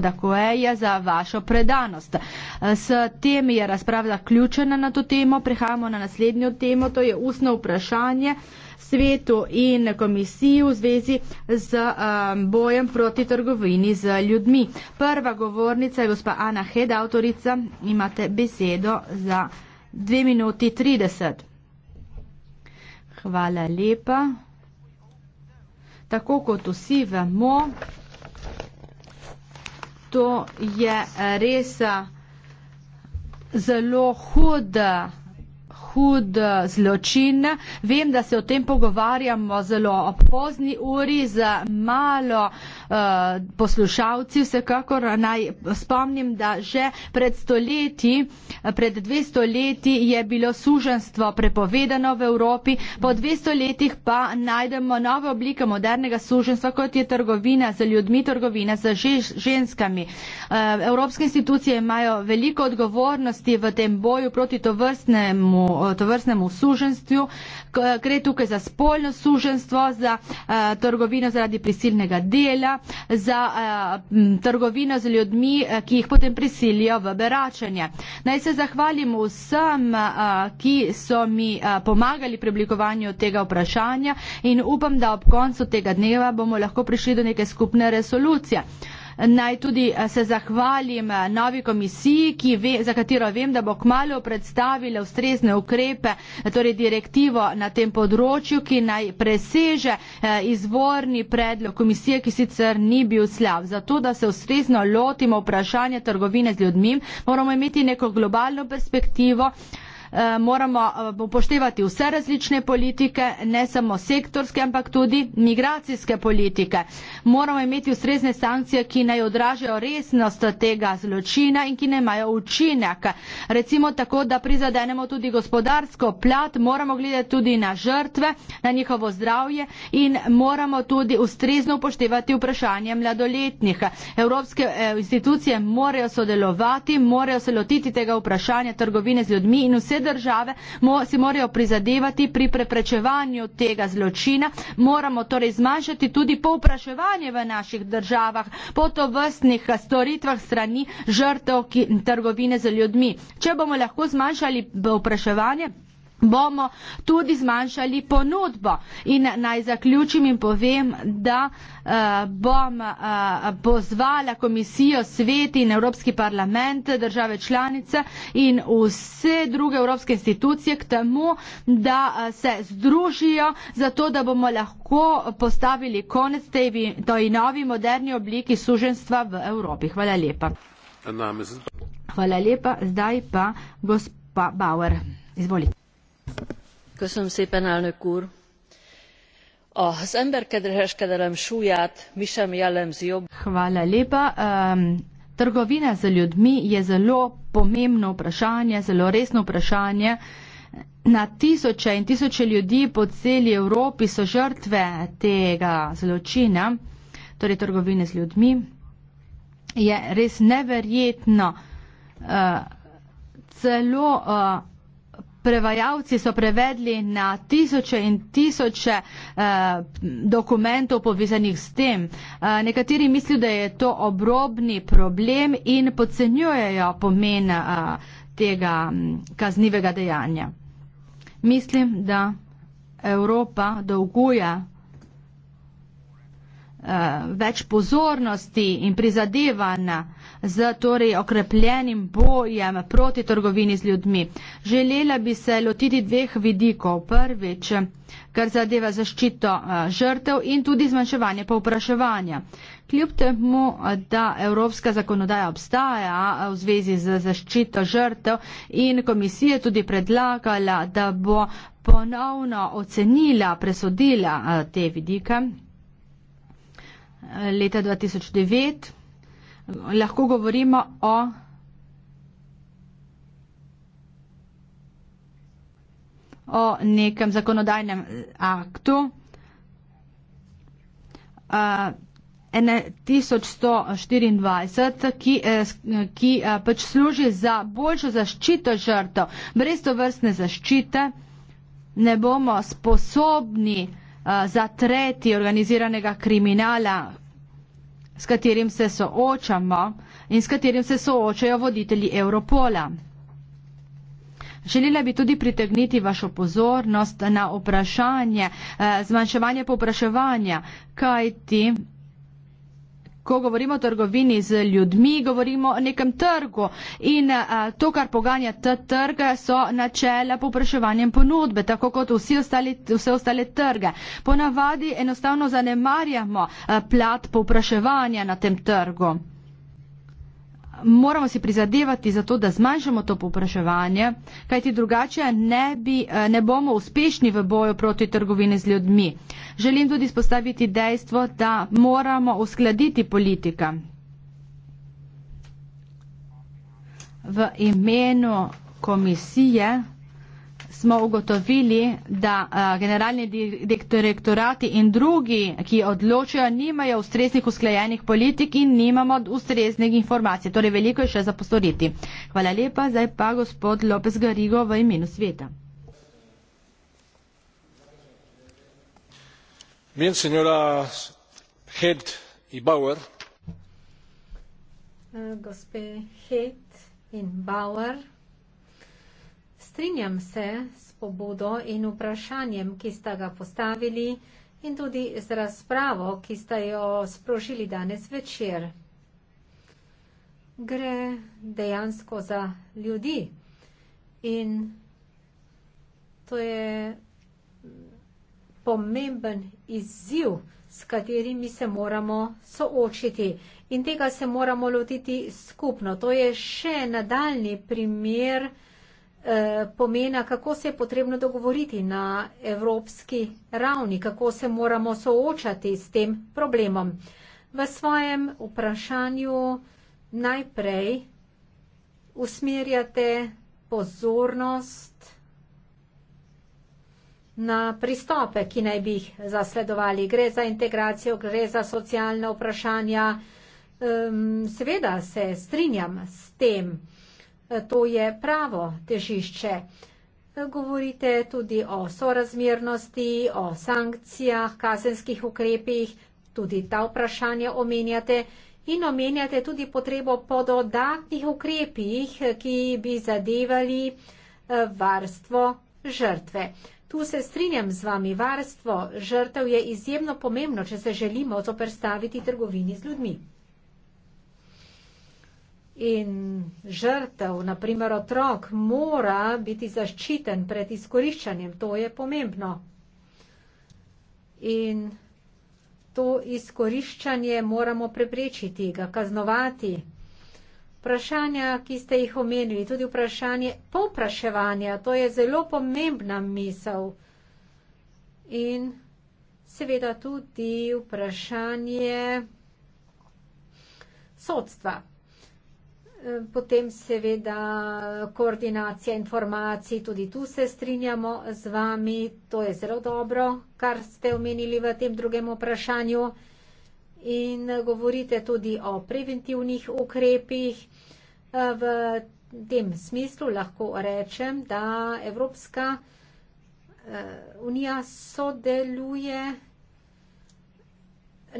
gospoda Koeja za vašo predanost. S tem je razprava zaključena na to temo. Prehajamo na naslednjo temo, to je ustno vprašanje svetu in komisiji v zvezi z um, bojem proti trgovini z ljudmi. Prva govornica je gospa Ana Hed, avtorica. Imate besedo za 2 minuti 30. Hvala lepa. Tako kot vsi vemo, to je res eh, zelo huda hud eh, zločin. Vem, da se o tem pogovarjamo zelo ob pozni uri z malo uh, poslušalci. Vsekakor naj spomnim, da že pred stoletji, eh, pred dve stoletji je bilo suženstvo prepovedano v Evropi, po dve stoletjih pa najdemo nove oblike modernega suženstva, kot je trgovina z ljudmi, trgovina z ženskami. Evropske institucije imajo veliko odgovornosti v tem boju proti to vrstnemu tovrstnem usuženstvu, gre tukaj za spolno suženstvo, za eh, trgovino zaradi prisilnega dela, za eh, trgovino z ljudmi, eh, ki jih potem prisilijo v beračanje. Naj se zahvalim vsem, ki so mi pomagali pri oblikovanju tega vprašanja in upam, da ob koncu tega dneva bomo lahko prišli do neke skupne resolucije naj tudi eh, se zahvalim eh, novi komisiji, ve, za katero vem, da bo kmalo predstavila ustrezne ukrepe, torej direktivo na tem področju, ki naj preseže eh, izvorni predlog komisije, ki sicer ni bil slab. Zato, da se ustrezno lotimo vprašanja trgovine z ljudmi, moramo imeti neko globalno perspektivo, Eh, moramo eh, upoštevati vse različne politike, ne samo sektorske, ampak tudi migracijske politike. Moramo imeti ustrezne sankcije, ki naj odražajo resnost tega zločina in ki ne imajo učinek. Recimo tako, da prizadenemo tudi gospodarsko plat, moramo gledati tudi na žrtve, na njihovo zdravje in moramo tudi ustrezno upoštevati vprašanje mladoletnih. Evropske eh, institucije morajo sodelovati, morajo se lotiti tega vprašanja trgovine z ljudmi in vse države mo, si morajo prizadevati pri preprečevanju tega zločina. Moramo torej zmanjšati tudi povpraševanje v naših državah po to vrstnih storitvah strani žrtev ki, trgovine z ljudmi. Če bomo lahko zmanjšali povpraševanje, bomo tudi zmanjšali ponudbo. In naj zaključim in povem, da eh, bom eh, pozvala komisijo, svet in Evropski parlament, države članice in vse druge evropske institucije k temu, da eh, se združijo, zato da bomo lahko postavili konec tej, toj novi moderni obliki suženstva v Evropi. Hvala lepa. Hvala lepa. Zdaj pa gospa Bauer. Izvolite az emberkereskedelem súlyát mi sem jellemzi jobb. Hvala lepa. Um, trgovina z ljudmi je zelo pomembno vprašanje, zelo resno vprašanje. Na tisoče in tisoče ljudi po celi Evropi so žrtve tega zločina, torej trgovine z ljudmi. Je res neverjetno, uh, celo uh, prevajalci so prevedli na tisoče in tisoče eh, dokumentov povezanih s tem. Eh, nekateri mislijo, da je to obrobni problem in podcenjujejo pomen eh, tega kaznivega dejanja. Mislim, da Evropa dolguje eh, več pozornosti in prizadevanja z torej okrepljenim bojem proti trgovini z ljudmi. Želela bi se lotiti dveh vidikov. Prvič, kar zadeva zaščito eh, žrtev in tudi zmanjševanje povpraševanja. Kljub temu, da evropska zakonodaja obstaja eh, v zvezi z zaščito žrtev in komisije tudi predlagala, da bo ponovno ocenila, presodila eh, te vidike leta 2009 lahko govorimo o o nekem zakonodajnem eh, aktu. Uh, eh, 1124, ki, eh, ki pač služi za boljšo zaščito žrtev. Brez to vrstne zaščite ne bomo sposobni zatreti organiziranega kriminala, s katerim se soočamo in s katerim se soočajo voditelji Europola. Želela bi tudi pritegniti vašo pozornost na vprašanje eh, zmanjševanja povpraševanja, kajti ko govorimo o trgovini z ljudmi, govorimo o nekem trgu in a, eh, to, kar poganja ta trg, so načela popraševanjem ponudbe, tako kot vsi ostali, vse ostale trge. Ponavadi enostavno zanemarjamo a, eh, plat popraševanja na tem trgu moramo si prizadevati za to, da zmanjšamo to popraševanje, kajti drugače ne, bi, eh, ne bomo uspešni v boju proti trgovini z ljudmi. Želim tudi spostaviti dejstvo, da moramo uskladiti politika. V imenu komisije smo ugotovili, da eh, generalni direktorati in drugi, ki odločajo, nimajo ustreznih usklajenih politik in nimamo ustreznih informacij. Torej, veliko je še za postoriti. Hvala lepa, zdaj pa gospod Lopez Garigo v imenu sveta. Bien, señora Head y Bauer. Uh, Gospe Head in Bauer. Strinjam se s pobudo in vprašanjem, ki sta ga postavili in tudi z razpravo, ki sta jo sprožili danes večer. Gre dejansko za ljudi in to je pomemben izziv, s katerimi se moramo soočiti in tega se moramo lotiti skupno. To je še nadaljni primer, ki je. Eh, pomena, kako se je potrebno dogovoriti na evropski ravni, kako se moramo soočati s tem problemom. V svojem vprašanju najprej usmerjate pozornost na pristope, ki naj bi jih zasledovali. Gre za integracijo, gre za socialne vprašanja. Seveda se strinjam s tem to je pravo težišče. Govorite tudi o sorazmernosti, o sankcijah, kazenskih ukrepih, tudi ta vprašanja omenjate in omenjate tudi potrebo po dodatnih ukrepih, ki bi zadevali eh, varstvo žrtve. Tu se strinjam z vami, varstvo žrtev je izjemno pomembno, če se želimo zoperstaviti trgovini z ljudmi in žrtev, naprimer otrok, mora biti zaščiten pred izkoriščanjem. To je pomembno. In to izkoriščanje moramo preprečiti, ga kaznovati. Vprašanja, ki ste jih omenili, tudi vprašanje povpraševanja, to je zelo pomembna misel. In seveda tudi vprašanje sodstva. Potem seveda koordinacija informacij, tudi tu se strinjamo z vami, to je zelo dobro, kar ste omenili v tem drugem vprašanju. In govorite tudi o preventivnih ukrepih. V tem smislu lahko rečem, da Evropska eh, unija sodeluje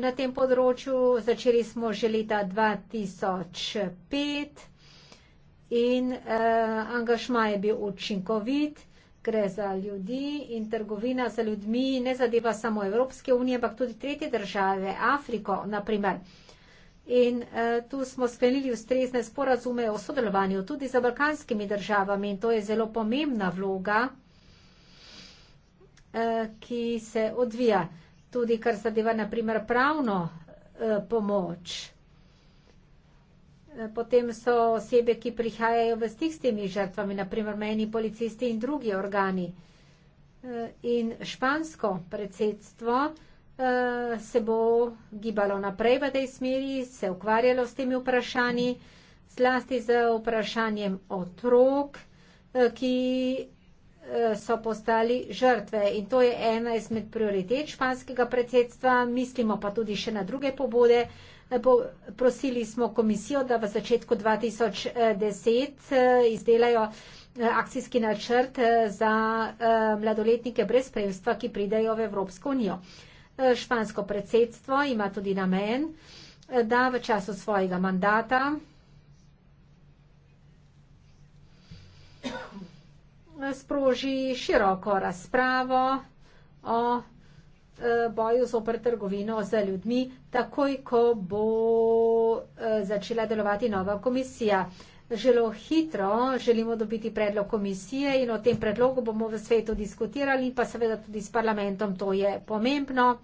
na tem področju. Začeli smo že leta 2005 in uh, angažma je bil učinkovit. Gre za ljudi in trgovina za ljudmi ne zadeva samo Evropske unije, ampak tudi tretje države, Afriko naprimer. In uh, tu smo sklenili ustrezne sporazume o sodelovanju tudi za balkanskimi državami in to je zelo pomembna vloga, uh, ki se odvija. Uh, tudi kar zadeva naprimer pravno eh, pomoč. Eh, potem so osebe, ki prihajajo v stik s temi žrtvami, naprimer meni policisti in drugi organi. Eh, in špansko predsedstvo se bo gibalo naprej v tej smeri, se ukvarjalo s temi vprašanji, zlasti z vprašanjem otrok, ki Eh, so postali žrtve in to je ena izmed prioritet španskega predsedstva, mislimo pa tudi še na druge pobude. Eh, prosili smo komisijo, da v začetku 2010 eh, izdelajo akcijski načrt za mladoletnike brez spremstva, ki pridejo v Evropsko unijo. Špansko predsedstvo ima tudi namen, da v času svojega mandata sproži široko razpravo o e, boju z opr trgovino za ljudmi, takoj, ko bo e, začela delovati nova komisija. Želo hitro želimo dobiti predlog komisije in o tem predlogu bomo v svetu diskutirali in pa seveda tudi s parlamentom, to je pomembno.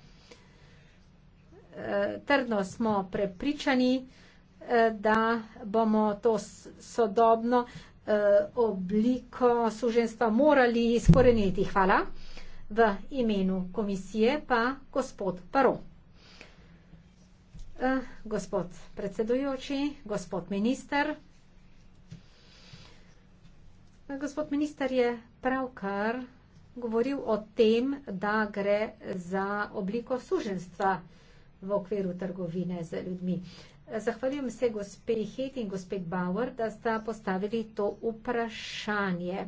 E, trdno smo prepričani, da bomo to sodobno, Eh, obliko suženstva morali izkoreniti. Hvala. V imenu komisije pa gospod Paro. Eh, gospod predsedujoči, gospod minister. Eh, gospod minister je pravkar govoril o tem, da gre za obliko suženstva v okviru trgovine z ljudmi. Zahvaljujem se gospe Hit in gospe Bauer, da sta postavili to vprašanje.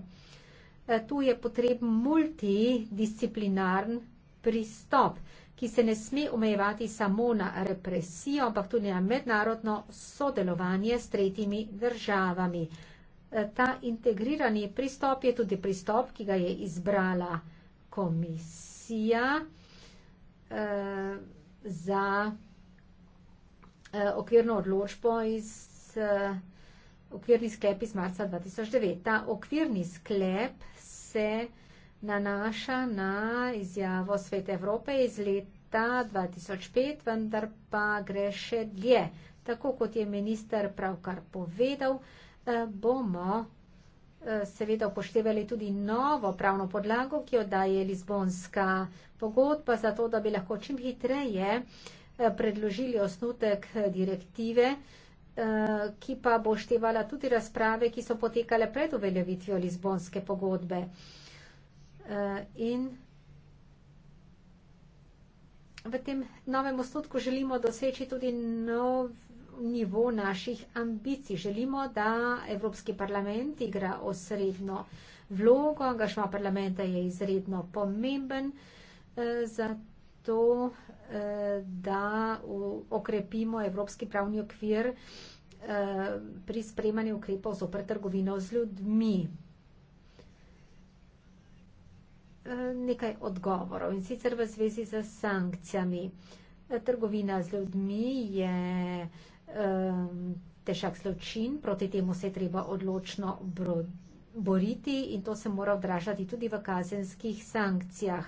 E, tu je potreben multidisciplinarn pristop, ki se ne sme omejevati samo na represijo, ampak tudi na mednarodno sodelovanje s tretjimi državami. E, ta integrirani pristop je tudi pristop, ki ga je izbrala komisija e, za. Eh, okvirno odločbo iz eh, okvirni sklep iz marca 2009. Ta okvirni sklep se nanaša na izjavo Svete Evrope iz leta 2005, vendar pa gre še dlje. Tako kot je minister pravkar povedal, eh, bomo seveda upoštevali tudi novo pravno podlago, ki jo daje Lizbonska pogodba, zato da bi lahko čim hitreje predložili osnutek direktive, eh, ki pa bo števala tudi razprave, ki so potekale pred uveljavitvijo Lizbonske pogodbe. Eh, in v tem novem osnutku želimo doseči tudi nov nivo naših ambicij. Želimo, da Evropski parlament igra osredno vlogo, angažma parlamenta je izredno pomemben, eh, zato da okrepimo evropski pravni okvir eh, pri spremanju ukrepov z opr trgovino z ljudmi. Eh, nekaj odgovorov in sicer v zvezi z sankcijami. Trgovina z ljudmi je eh, težak zločin, proti temu se je treba odločno boriti in to se mora odražati tudi v kazenskih sankcijah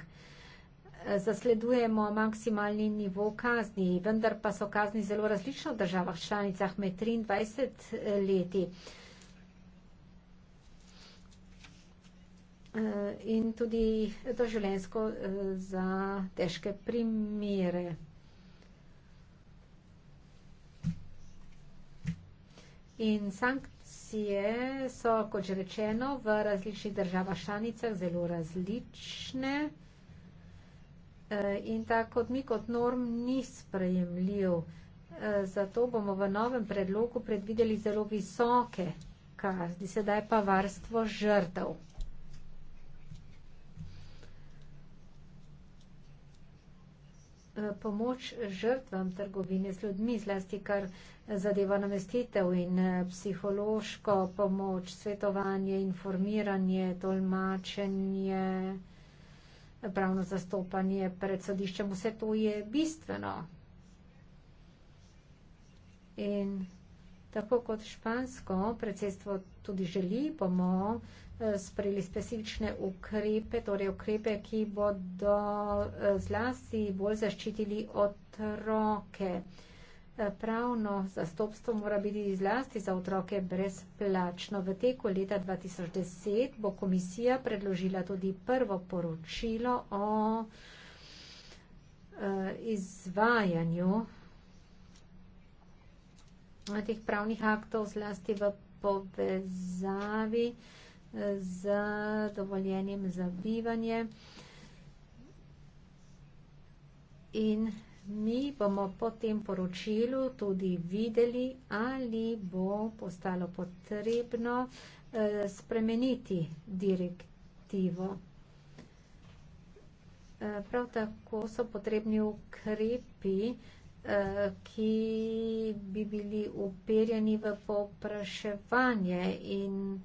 zasledujemo maksimalni nivo kazni, vendar pa so kazni zelo različne v državah članicah med 23 eh, leti. Eh, in tudi doživljensko eh, za težke primere. In sankcije so, kot že rečeno, v različnih državah članicah zelo različne. Eh, in ta kot mi kot norm ni sprejemljiv. Eh, zato bomo v novem predlogu predvideli zelo visoke kazni, sedaj pa varstvo žrtev. Eh, pomoč žrtvam trgovine z ljudmi, zlasti kar zadeva namestitev in psihološko pomoč, svetovanje, informiranje, tolmačenje pravno zastopanje pred sodiščem. Vse to je bistveno. In tako kot špansko predsedstvo tudi želi, bomo eh, sprejeli specifične ukrepe, torej ukrepe, ki bodo eh, zlasti bolj zaščitili otroke. roke. Pravno zastopstvo mora biti izlasti za otroke brezplačno. V teku leta 2010 bo komisija predložila tudi prvo poročilo o e, izvajanju e, teh pravnih aktov zlasti v povezavi e, z dovoljenjem za bivanje in mi bomo po tem poročilu tudi videli, ali bo postalo potrebno eh, spremeniti direktivo. Eh, prav tako so potrebni ukrepi, eh, ki bi bili uperjeni v popraševanje in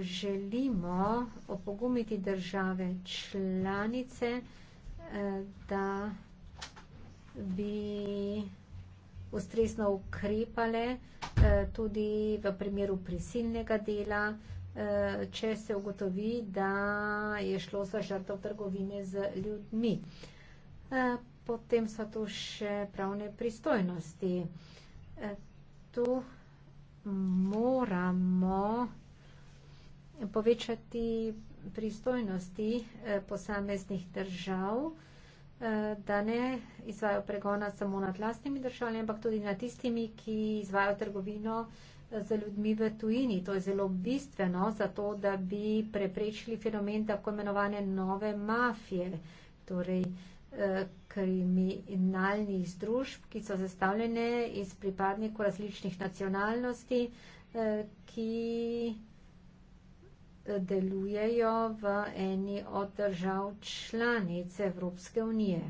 želimo opogumiti države članice, da bi ustrezno ukrepale eh, tudi v primeru prisilnega dela, eh, če se ugotovi, da je šlo za žrtov trgovine z ljudmi. Eh, potem so tu še pravne pristojnosti. Tu moramo povečati pristojnosti posameznih držav, Eh, da ne izvajo pregona samo nad lastnimi državami, ampak tudi nad tistimi, ki izvajo trgovino eh, z ljudmi v tujini. To je zelo bistveno za to, da bi preprečili fenomen tako imenovane nove mafije, torej eh, kriminalnih združb, ki so zastavljene iz pripadnikov različnih nacionalnosti, ki delujejo v eni od držav članic Evropske unije.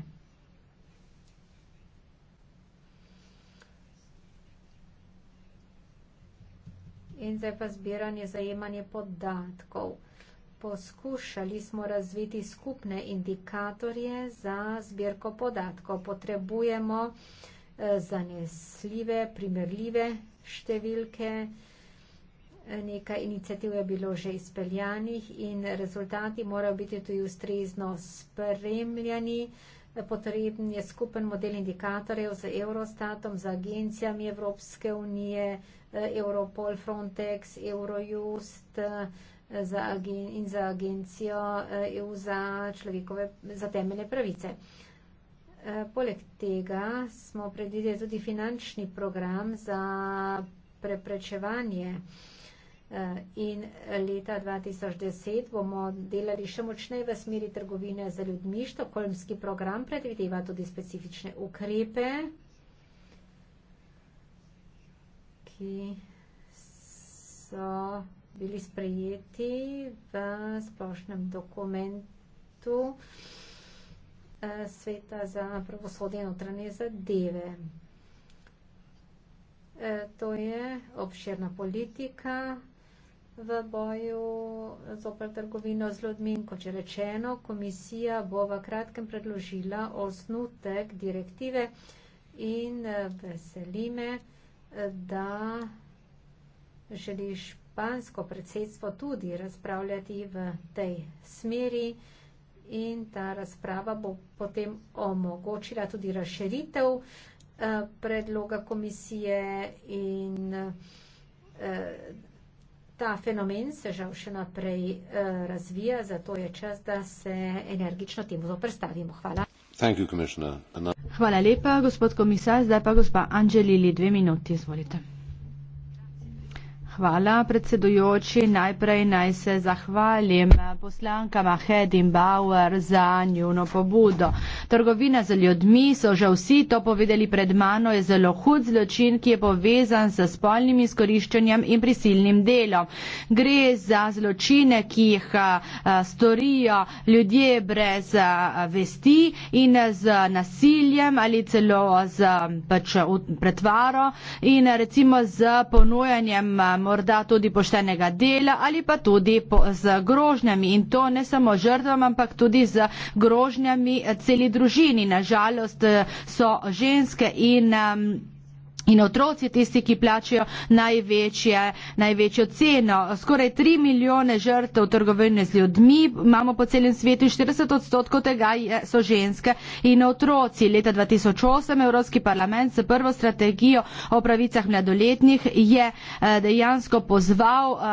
In zdaj pa zbiranje, zajemanje podatkov. Poskušali smo razviti skupne indikatorje za zbirko podatkov. Potrebujemo eh, zanesljive, primerljive številke, nekaj inicijativ je bilo že izpeljanih in rezultati morajo biti tudi ustrezno spremljani. Potreben je skupen model indikatorjev z Eurostatom, z agencijami Evropske unije, Europol, Frontex, Eurojust in za agencijo EU za človekove, za temelje pravice. Poleg tega smo predvideli tudi finančni program za preprečevanje uh, Eh, in leta 2010 bomo delali še močneje v smeri trgovine za ljudmi. Štokolmski program predvideva tudi specifične ukrepe, ki so bili sprejeti v splošnem dokumentu eh, Sveta za pravosodje in notranje zadeve. Eh, to je obširna politika, v boju zoper trgovino z ljudmi. Kot je rečeno, komisija bo v kratkem predložila osnutek direktive in eh, veseli me, eh, da želi špansko predsedstvo tudi razpravljati v tej smeri in ta razprava bo potem omogočila tudi razširitev eh, predloga komisije in Ta fenomen se žal še naprej eh, razvija, zato je čas, da se energično temu zoprstavimo. Hvala. Hvala lepa, gospod komisar. Zdaj pa gospa Anželi, dve minuti, izvolite. Hvala, predsedujoči. Najprej naj se zahvalim poslankama Hedin Bauer za njuno pobudo. Trgovina z ljudmi so že vsi to povedali pred mano, je zelo hud zločin, ki je povezan s spolnim izkoriščanjem in prisilnim delom. Gre za zločine, ki jih storijo ljudje brez vesti in z nasiljem ali celo z pač, pretvaro in recimo z ponujanjem morda tudi poštenega dela ali pa tudi po, z grožnjami in to ne samo žrtvam, ampak tudi z grožnjami eh, celi družini. Nažalost eh, so ženske in um, In otroci tisti, ki plačajo največje, največjo ceno. Skoraj 3 milijone žrtev trgovine z ljudmi imamo po celem svetu in 40 odstotkov tega so ženske in otroci. Leta 2008 Evropski parlament s prvo strategijo o pravicah mladoletnih je eh, dejansko pozval eh,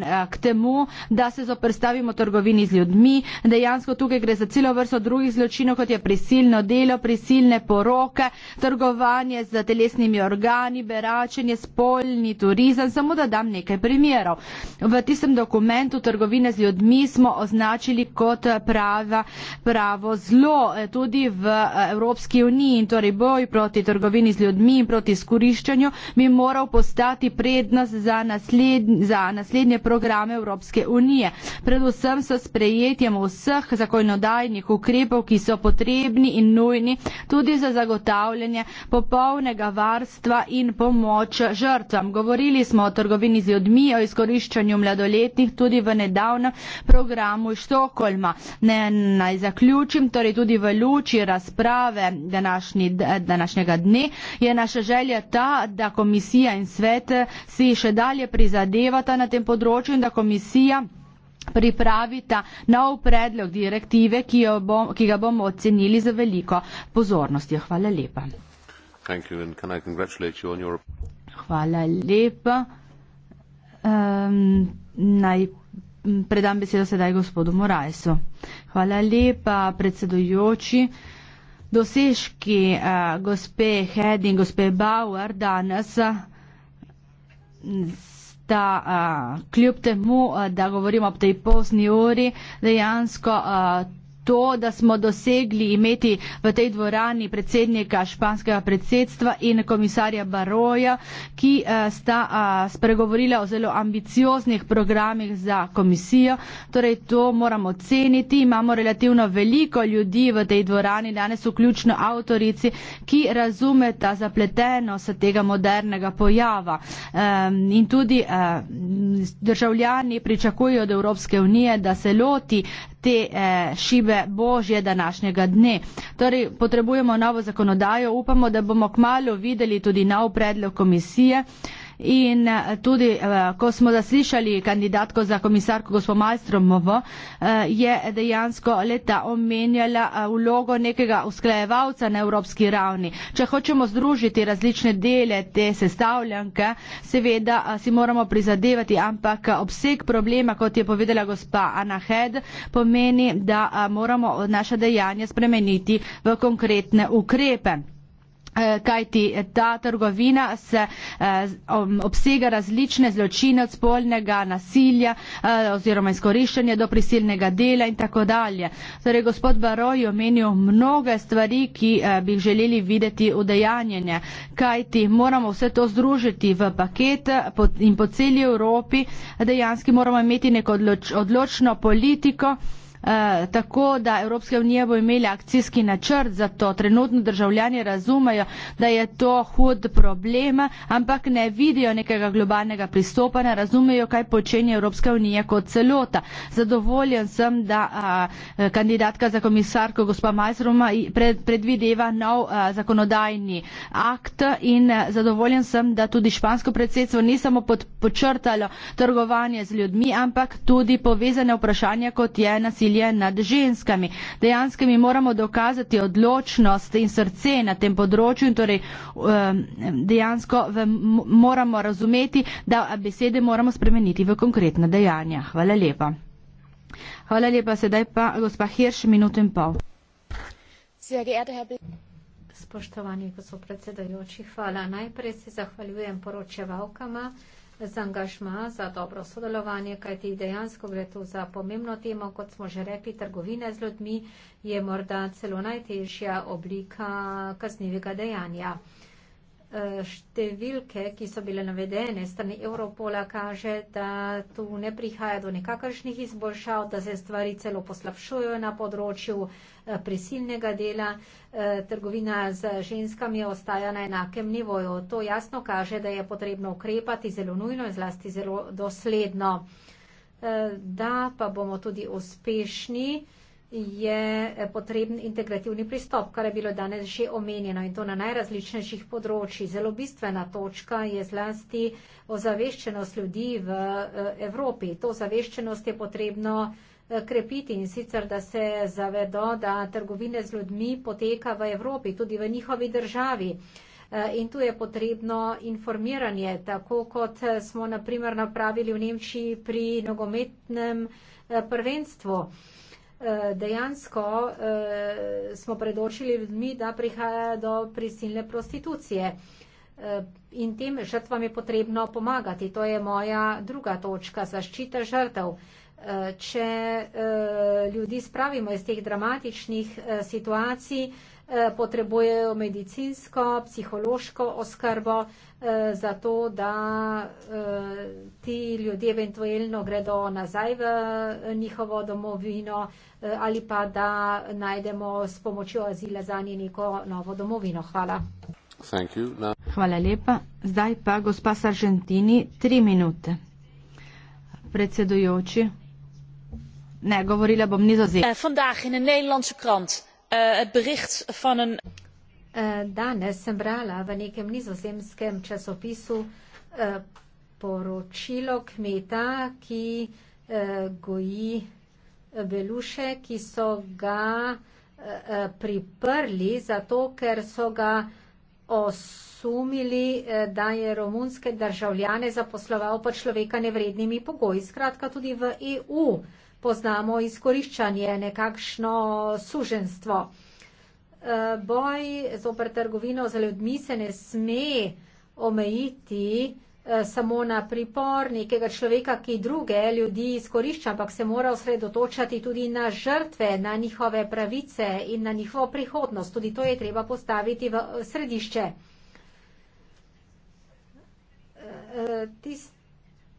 eh, k temu, da se zoprstavimo trgovini z ljudmi. Dejansko tukaj gre za celo vrsto drugih zločinov, kot je prisilno delo, prisilne poroke, trgovanje z telesnimi organizacijami organi, beračenje, spolni turizem, samo da dam nekaj primerov. V tistem dokumentu trgovine z ljudmi smo označili kot prava, pravo zlo eh, tudi v eh, Evropski uniji in torej boj proti trgovini z ljudmi in proti skoriščanju bi moral postati prednost za, nasled, za naslednje programe Evropske unije. Predvsem s sprejetjem vseh zakonodajnih ukrepov, ki so potrebni in nujni tudi za zagotavljanje popolnega varstva dejstva in pomoč žrtvam. Govorili smo o trgovini z ljudmi, o izkoriščanju mladoletnih tudi v nedavnem programu Štokolma. Ne naj zaključim, torej tudi v luči razprave današnji, današnjega dne je naša želja ta, da komisija in svet si še dalje prizadevata na tem področju in da komisija pripravita nov predlog direktive, ki, bom, ki ga bomo ocenili z veliko pozornostjo. Hvala lepa. Thank you and can I congratulate you on your Hvala lepa. Um, naj predam besedo sedaj gospodu Morajsu. Hvala lepa, predsedujoči. Dosežki uh, gospe Heding, gospe Bauer danes eh, sta uh, kljub temu, uh, da govorimo ob tej pozni uri, dejansko uh, to, da smo dosegli imeti v tej dvorani predsednika španskega predsedstva in komisarja Baroja, ki eh, sta spregovorila o zelo ambicioznih programih za komisijo. Torej, to moramo ceniti. Imamo relativno veliko ljudi v tej dvorani, danes vključno avtorici, ki razumeta zapletenost tega modernega pojava. In tudi eh, državljani pričakujejo od Evropske unije, da se loti te eh, šibe božje današnjega dne. Torej, potrebujemo novo zakonodajo, upamo, da bomo kmalo videli tudi nov predlog komisije. Eh, In eh, tudi, eh, ko smo zaslišali kandidatko za komisarko gospod Malstromovo, eh, je dejansko leta omenjala vlogo nekega usklajevalca na evropski ravni. Če hočemo združiti različne dele te sestavljanke, seveda si moramo prizadevati, ampak obseg problema, kot je povedala gospa Ana Hed, pomeni, da moramo naše dejanje spremeniti v konkretne ukrepe. Eh, kajti ta trgovina se eh, obsega različne zločine od spolnega nasilja eh, oziroma izkoriščanja do prisilnega dela in tako dalje. Torej, gospod Baro je omenil mnoge stvari, ki bi želeli videti v dejanjenje, kajti moramo vse to združiti v paket in po celi Evropi dejansko moramo imeti neko odloč, odločno politiko Eh, tako da Evropska unija bo imela akcijski načrt za to. Trenutno državljani razumejo, da je to hud problem, ampak ne vidijo nekega globalnega pristopa, ne razumejo, kaj počenja Evropska unija kot celota. Zadovoljen sem, da a, eh, kandidatka za komisarko gospa Majsroma pred, predvideva nov a, eh, zakonodajni akt in a, zadovoljen sem, da tudi špansko predsedstvo ni samo pod, počrtalo trgovanje z ljudmi, ampak tudi povezane vprašanja, kot je nasilje nasilje nad ženskami. Dejansko mi moramo dokazati odločnost in srce na tem področju in torej ehm, dejansko moramo razumeti, da besede moramo spremeniti v konkretna dejanja. Hvala lepa. Hvala lepa, sedaj pa gospa Hirš, minuto in pol. Spoštovani gospod predsedajoči, hvala. Najprej se zahvaljujem poročevalkama za angažma, za dobro sodelovanje, kajti dejansko gre tu za pomembno temo, kot smo že rekli, trgovine z ljudmi je morda celo najtežja oblika kaznivega dejanja. Eh, številke, ki so bile navedene strani Evropola, kaže, da tu ne prihaja do nekakršnih izboljšav, da se stvari celo poslabšujejo na področju eh, prisilnega dela. Eh, trgovina z ženskami ostaja na enakem nivoju. To jasno kaže, da je potrebno ukrepati zelo nujno in zlasti zelo dosledno. Da pa bomo tudi uspešni je eh, potreben integrativni pristop, kar je bilo danes že omenjeno in to na najrazličnejših področjih. Zelo bistvena točka je zlasti ozaveščenost ljudi v eh, Evropi. To ozaveščenost je potrebno eh, krepiti in sicer, da se zavedo, da trgovine z ljudmi poteka v Evropi, tudi v njihovi državi. In tu je potrebno informiranje, tako kot smo naprimer napravili v Nemčiji pri nogometnem prvenstvu. Eh, dejansko eh, smo predošili ljudmi, da prihaja do prisilne prostitucije. Eh, in tem žrtvam je potrebno pomagati. To je moja druga točka, zaščita žrtev. Če ljudi spravimo iz teh dramatičnih situacij, potrebujejo medicinsko, psihološko oskrbo za to, da ti ljudje eventualno gredo nazaj v njihovo domovino, Eh, ali pa da najdemo s pomočjo azila za nje neko novo domovino. Hvala. No. Hvala lepa. Zdaj pa gospa Saržentini, tri minute. Predsedujoči. Ne, govorila bom nizozemski. Eh, eh, danes sem brala v nekem nizozemskem časopisu poročilo kmeta, ki goji Beluše, ki so ga eh, eh, priprli zato, ker so ga osumili, eh, da je romunske državljane zaposloval pa človeka nevrednimi pogoji. Skratka, tudi v EU poznamo izkoriščanje, nekakšno suženstvo. Boj zoper trgovino za ljudmi se ne sme omejiti, Eh, samo na pripor nekega človeka, ki druge ljudi izkorišča, ampak se mora osredotočati tudi na žrtve, na njihove pravice in na njihovo prihodnost. Tudi to je treba postaviti v eh, središče. Eh,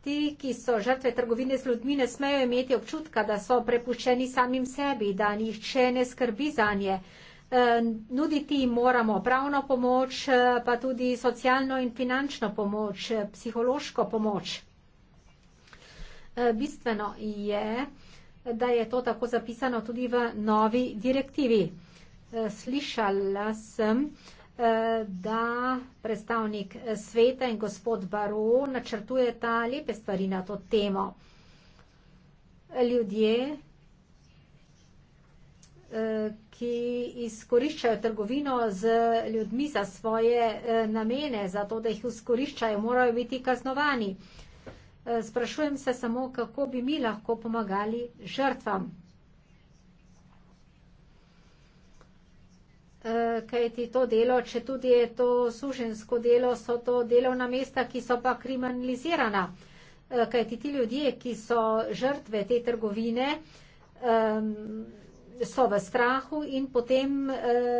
ti, ki so žrtve trgovine z ljudmi, ne smejo imeti občutka, da so prepuščeni samim sebi, da nihče ne skrbi za njih. Eh, nuditi jim moramo pravno pomoč, eh, pa tudi socialno in finančno pomoč, eh, psihološko pomoč. Bistveno je, da je to tako zapisano tudi v novi direktivi. Slišala sem, da predstavnik sveta in gospod Baro načrtuje ta lepe stvari na to temo. Ljudje Eh, ki izkoriščajo trgovino z ljudmi za svoje eh, namene, zato da jih izkoriščajo, morajo biti kaznovani. Eh, sprašujem se samo, kako bi mi lahko pomagali žrtvam. Kaj ti to delo, če tudi je to sužensko delo, so to delovna mesta, ki so pa kriminalizirana. Kaj ti ti ljudje, ki so žrtve te trgovine, ehm, so v strahu in potem eh,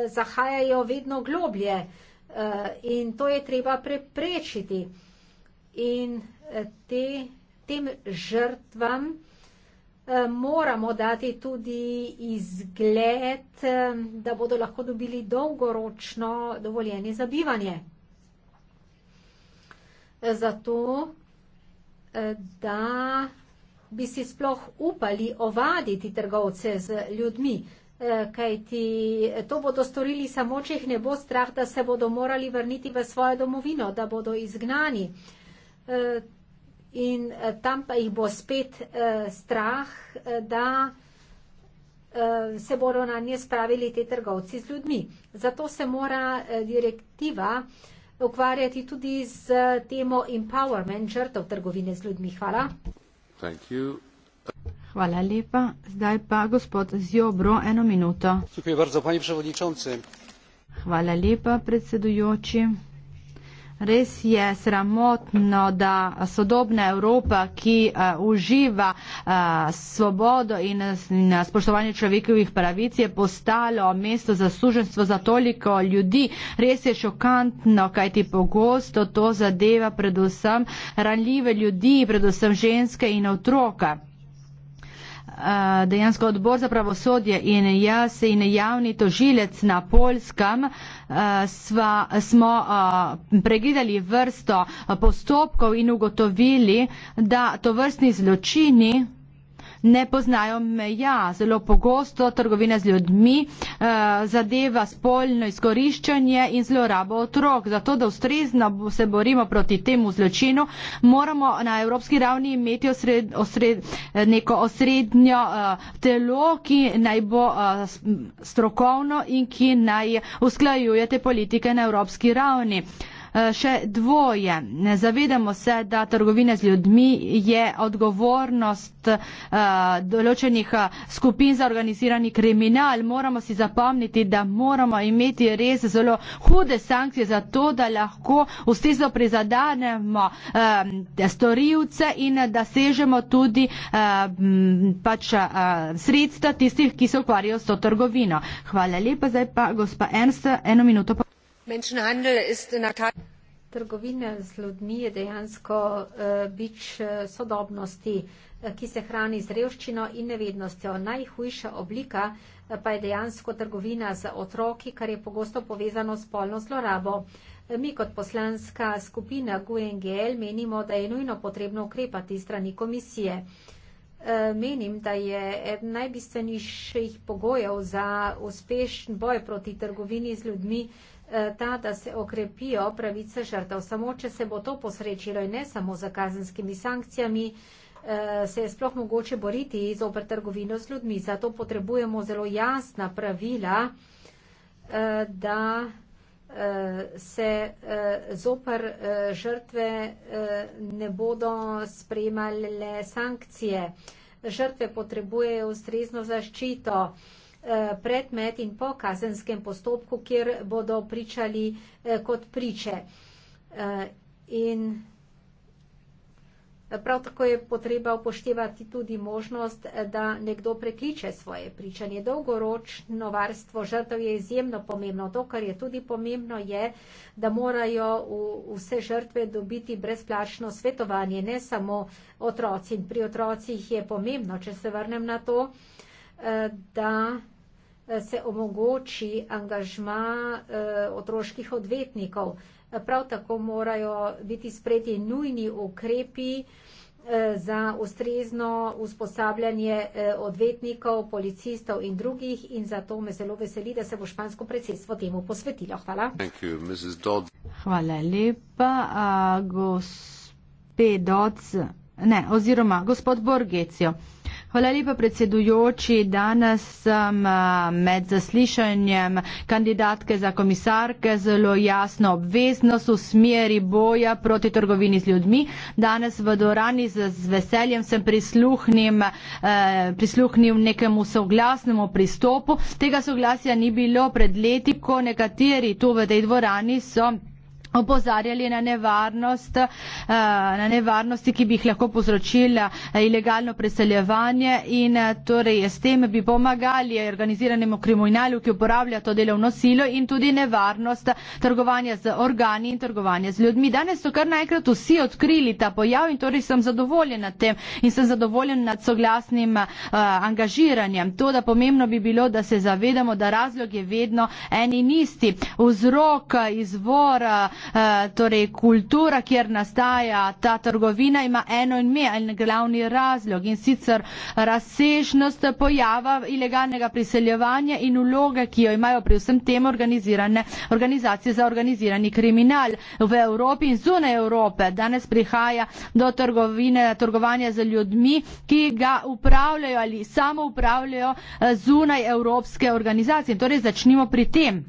zahajajo vedno globlje eh, in to je treba preprečiti. In eh, te, tem žrtvam eh, moramo dati tudi izgled, eh, da bodo lahko dobili dolgoročno dovoljenje za bivanje. Eh, zato, eh, da bi si sploh upali ovaditi trgovce z ljudmi, eh, kaj ti eh, to bodo storili samo, če jih ne bo strah, da se bodo morali vrniti v svojo domovino, da bodo izgnani. Eh, in tam pa jih bo spet strah, da se bodo na nje spravili te trgovci z ljudmi. Zato se mora direktiva ukvarjati tudi z temo empowerment žrtov trgovine z ljudmi. Hvala hvala lepa predsedujoči Res je sramotno, da sodobna Evropa, ki uh, uživa uh, svobodo in, in spoštovanje človekovih pravic, je postalo mesto za suženstvo za toliko ljudi. Res je šokantno, kajti pogosto to zadeva predvsem ranljive ljudi, predvsem ženske in otroka dejansko odbor za pravosodje in jaz in javni tožilec na Polskem sva, smo pregledali vrsto postopkov in ugotovili, da to vrstni zločini ne poznajo meja. Zelo pogosto trgovina z ljudmi eh, zadeva spolno izkoriščanje in zlorabo otrok. Zato, da ustrezno se borimo proti temu zločinu, moramo na evropski ravni imeti osred, osred, neko osrednjo eh, telo, ki naj bo eh, strokovno in ki naj usklajuje te politike na evropski ravni. Eh, še dvoje. Zavedamo se, da trgovine z ljudmi je odgovornost eh, določenih eh, skupin za organizirani kriminal. Moramo si zapomniti, da moramo imeti res zelo hude sankcije za to, da lahko vsi so prizadanemo storilce in da sežemo tudi pač sredstva tistih, ki se ukvarjajo s to trgovino. Hvala lepa, zdaj pa gospa Ernst, eno minuto pa menschenhandel ist in der tat trgovine z ljudmi je dejansko uh, bič eh, sodobnosti, eh, ki se hrani z revščino in nevednostjo. Najhujša oblika pa je dejansko trgovina z otroki, kar je pogosto povezano s polno zlorabo. Mi kot poslanska skupina GUNGL menimo, da je nujno potrebno ukrepati strani komisije. Menim, da je eden najbistvenejših pogojev za uspešen boj proti trgovini z ljudmi Eh, ta, da se okrepijo pravice žrtev. Samo, če se bo to posrečilo in ne samo za kazenskimi sankcijami, eh, se je sploh mogoče boriti z opr trgovino z ljudmi. Zato potrebujemo zelo jasna pravila, eh, da se zoper žrtve ne bodo sprejemale sankcije. Žrtve potrebujejo ustrezno zaščito. Eh, pred, med in po kazenskem postopku, kjer bodo pričali eh, kot priče. Eh, in prav tako je potreba upoštevati tudi možnost, da nekdo prekliče svoje pričanje. Dolgoročno varstvo žrtev je izjemno pomembno. To, kar je tudi pomembno, je, da morajo vse žrtve dobiti brezplačno svetovanje, ne samo otroci. In pri otrocih je pomembno, če se vrnem na to, da se omogoči angažma eh, otroških odvetnikov. Prav tako morajo biti sprejeti nujni ukrepi eh, za ustrezno usposabljanje eh, odvetnikov, policistov in drugih in zato me zelo veseli, da se bo špansko predsedstvo temu posvetilo. Hvala. Hvala lepa, gospe Dodz, ne, oziroma gospod Borgecio. Hvala lepa predsedujoči. Danes sem eh, med zaslišanjem kandidatke za komisarke zelo jasno obveznost v smeri boja proti trgovini z ljudmi. Danes v dorani z veseljem sem prisluhnim, eh, prisluhnim nekemu soglasnemu pristopu. Tega soglasja ni bilo pred leti, ko nekateri tu v tej dvorani so opozarjali na nevarnost, eh, na nevarnosti, ki bi jih lahko povzročila eh, ilegalno preseljevanje in eh, torej s tem bi pomagali organiziranemu kriminalu, ki uporablja to delovno silo in tudi nevarnost trgovanja z organi in trgovanja z ljudmi. Danes so kar naenkrat vsi odkrili ta pojav in torej sem zadovoljen nad tem in sem zadovoljen nad soglasnim angažiranjem. To, da pomembno bi bilo, da se zavedamo, da razlog je vedno en in isti. Vzrok, izvor, Eh, torej kultura, kjer nastaja ta trgovina, ima eno in me, en glavni razlog in sicer razsežnost pojava ilegalnega priseljevanja in uloge, ki jo imajo pri vsem tem organizirane organizacije za organizirani kriminal v Evropi in zunaj Evrope. Danes prihaja do trgovine, trgovanja z ljudmi, ki ga upravljajo ali samo upravljajo eh, zunaj Evropske organizacije. Torej, začnimo pri tem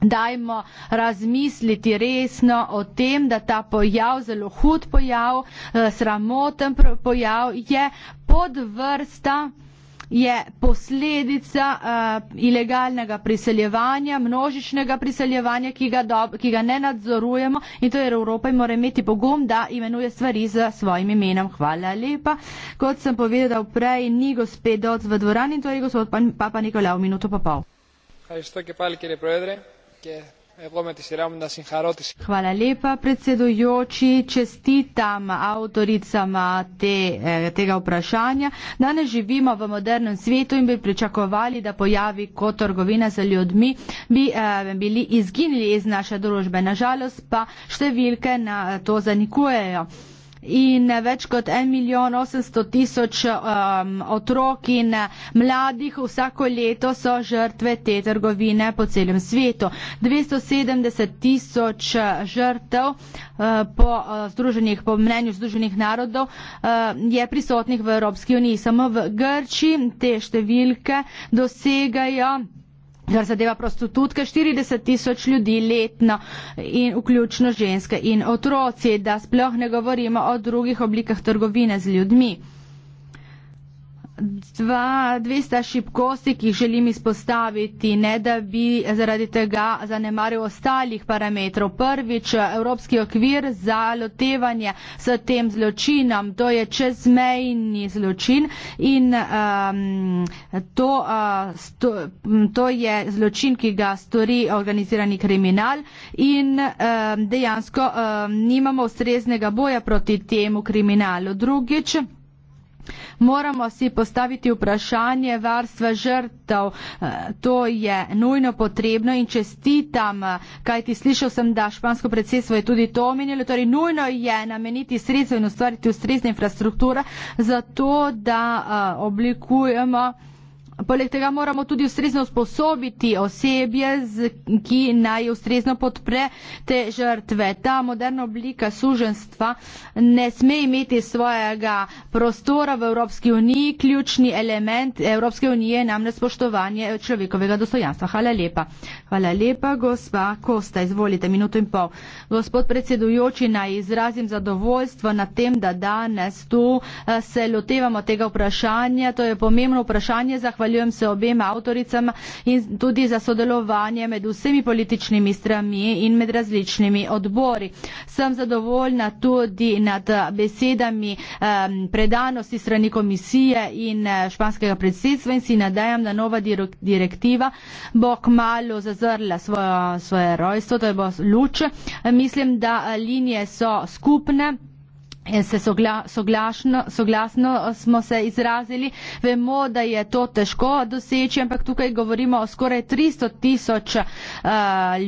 dajmo razmisliti resno o tem, da ta pojav, zelo hud pojav, eh, sramoten pojav je podvrsta je posledica uh, ilegalnega priseljevanja, množičnega priseljevanja, ki ga, do, ki ga ne nadzorujemo in to je Evropa in mora imeti pogum, da imenuje stvari za svojim imenom. Hvala lepa. Kot sem povedal prej, ni gospod Doc v dvorani in to je gospod Papa Nikolaj v minuto pa pol. Hvala lepa, ker je prevedre. Hvala lepa, predsedujoči. Čestitam avtoricama te, eh, tega vprašanja. Danes živimo v modernem svetu in bi pričakovali, da pojavi kot trgovina za ljudmi, bi eh, bili izginili iz naše družbe. Nažalost pa številke na to zanikujejo in več kot 1 milijon 800 tisoč um, otrok in eh, mladih vsako leto so žrtve te trgovine po celem svetu. 270 tisoč eh, žrtev uh, po, uh, po mnenju Združenih narodov uh, je prisotnih v Evropski uniji. Samo v Grči te številke dosegajo kar zadeva prostitutke, 40 tisoč ljudi letno in vključno ženske in otroci, da sploh ne govorimo o drugih oblikah trgovine z ljudmi. Dva, dve sta šibkosti, ki jih želim izpostaviti, ne da bi zaradi tega zanemaril ostalih parametrov. Prvič, Evropski okvir za lotevanje s tem zločinom, to je čezmejni zločin in um, to, uh, sto, to je zločin, ki ga stori organizirani kriminal in um, dejansko um, nimamo ustreznega boja proti temu kriminalu. Drugič, Moramo si postaviti vprašanje varstva žrtev. Eh, to je nujno potrebno in čestitam, eh, kaj ti slišal sem, da špansko predsedstvo je tudi to omenjalo. Torej, nujno je nameniti sredstvo in ustvariti ustrezne infrastrukture za to, da eh, oblikujemo. Poleg tega moramo tudi ustrezno sposobiti osebje, ki naj ustrezno podpre te žrtve. Ta moderna oblika suženstva ne sme imeti svojega prostora v Evropski uniji. Ključni element Evropske unije je namreč spoštovanje človekovega dostojanstva. Hvala lepa. Hvala lepa, gospa Kosta. Izvolite, minuto in pol. Gospod predsedujoči, naj izrazim zadovoljstvo na tem, da danes tu eh, se lotevamo tega vprašanja. To je pomembno vprašanje. Zahvaljujem zahvaljujem se obema avtoricam in tudi za sodelovanje med vsemi političnimi strami in med različnimi odbori. Sem zadovoljna tudi nad besedami um, predanosti strani komisije in eh, španskega predsedstva in si nadajam, da nova direktiva bo kmalo zazrla svojo, svoje rojstvo, to je bo luč. Mislim, da linije so skupne. In se sogla, soglašno, soglasno eh, smo se izrazili, vemo, da je to težko doseči, ampak tukaj govorimo o skoraj 300 tisoč uh,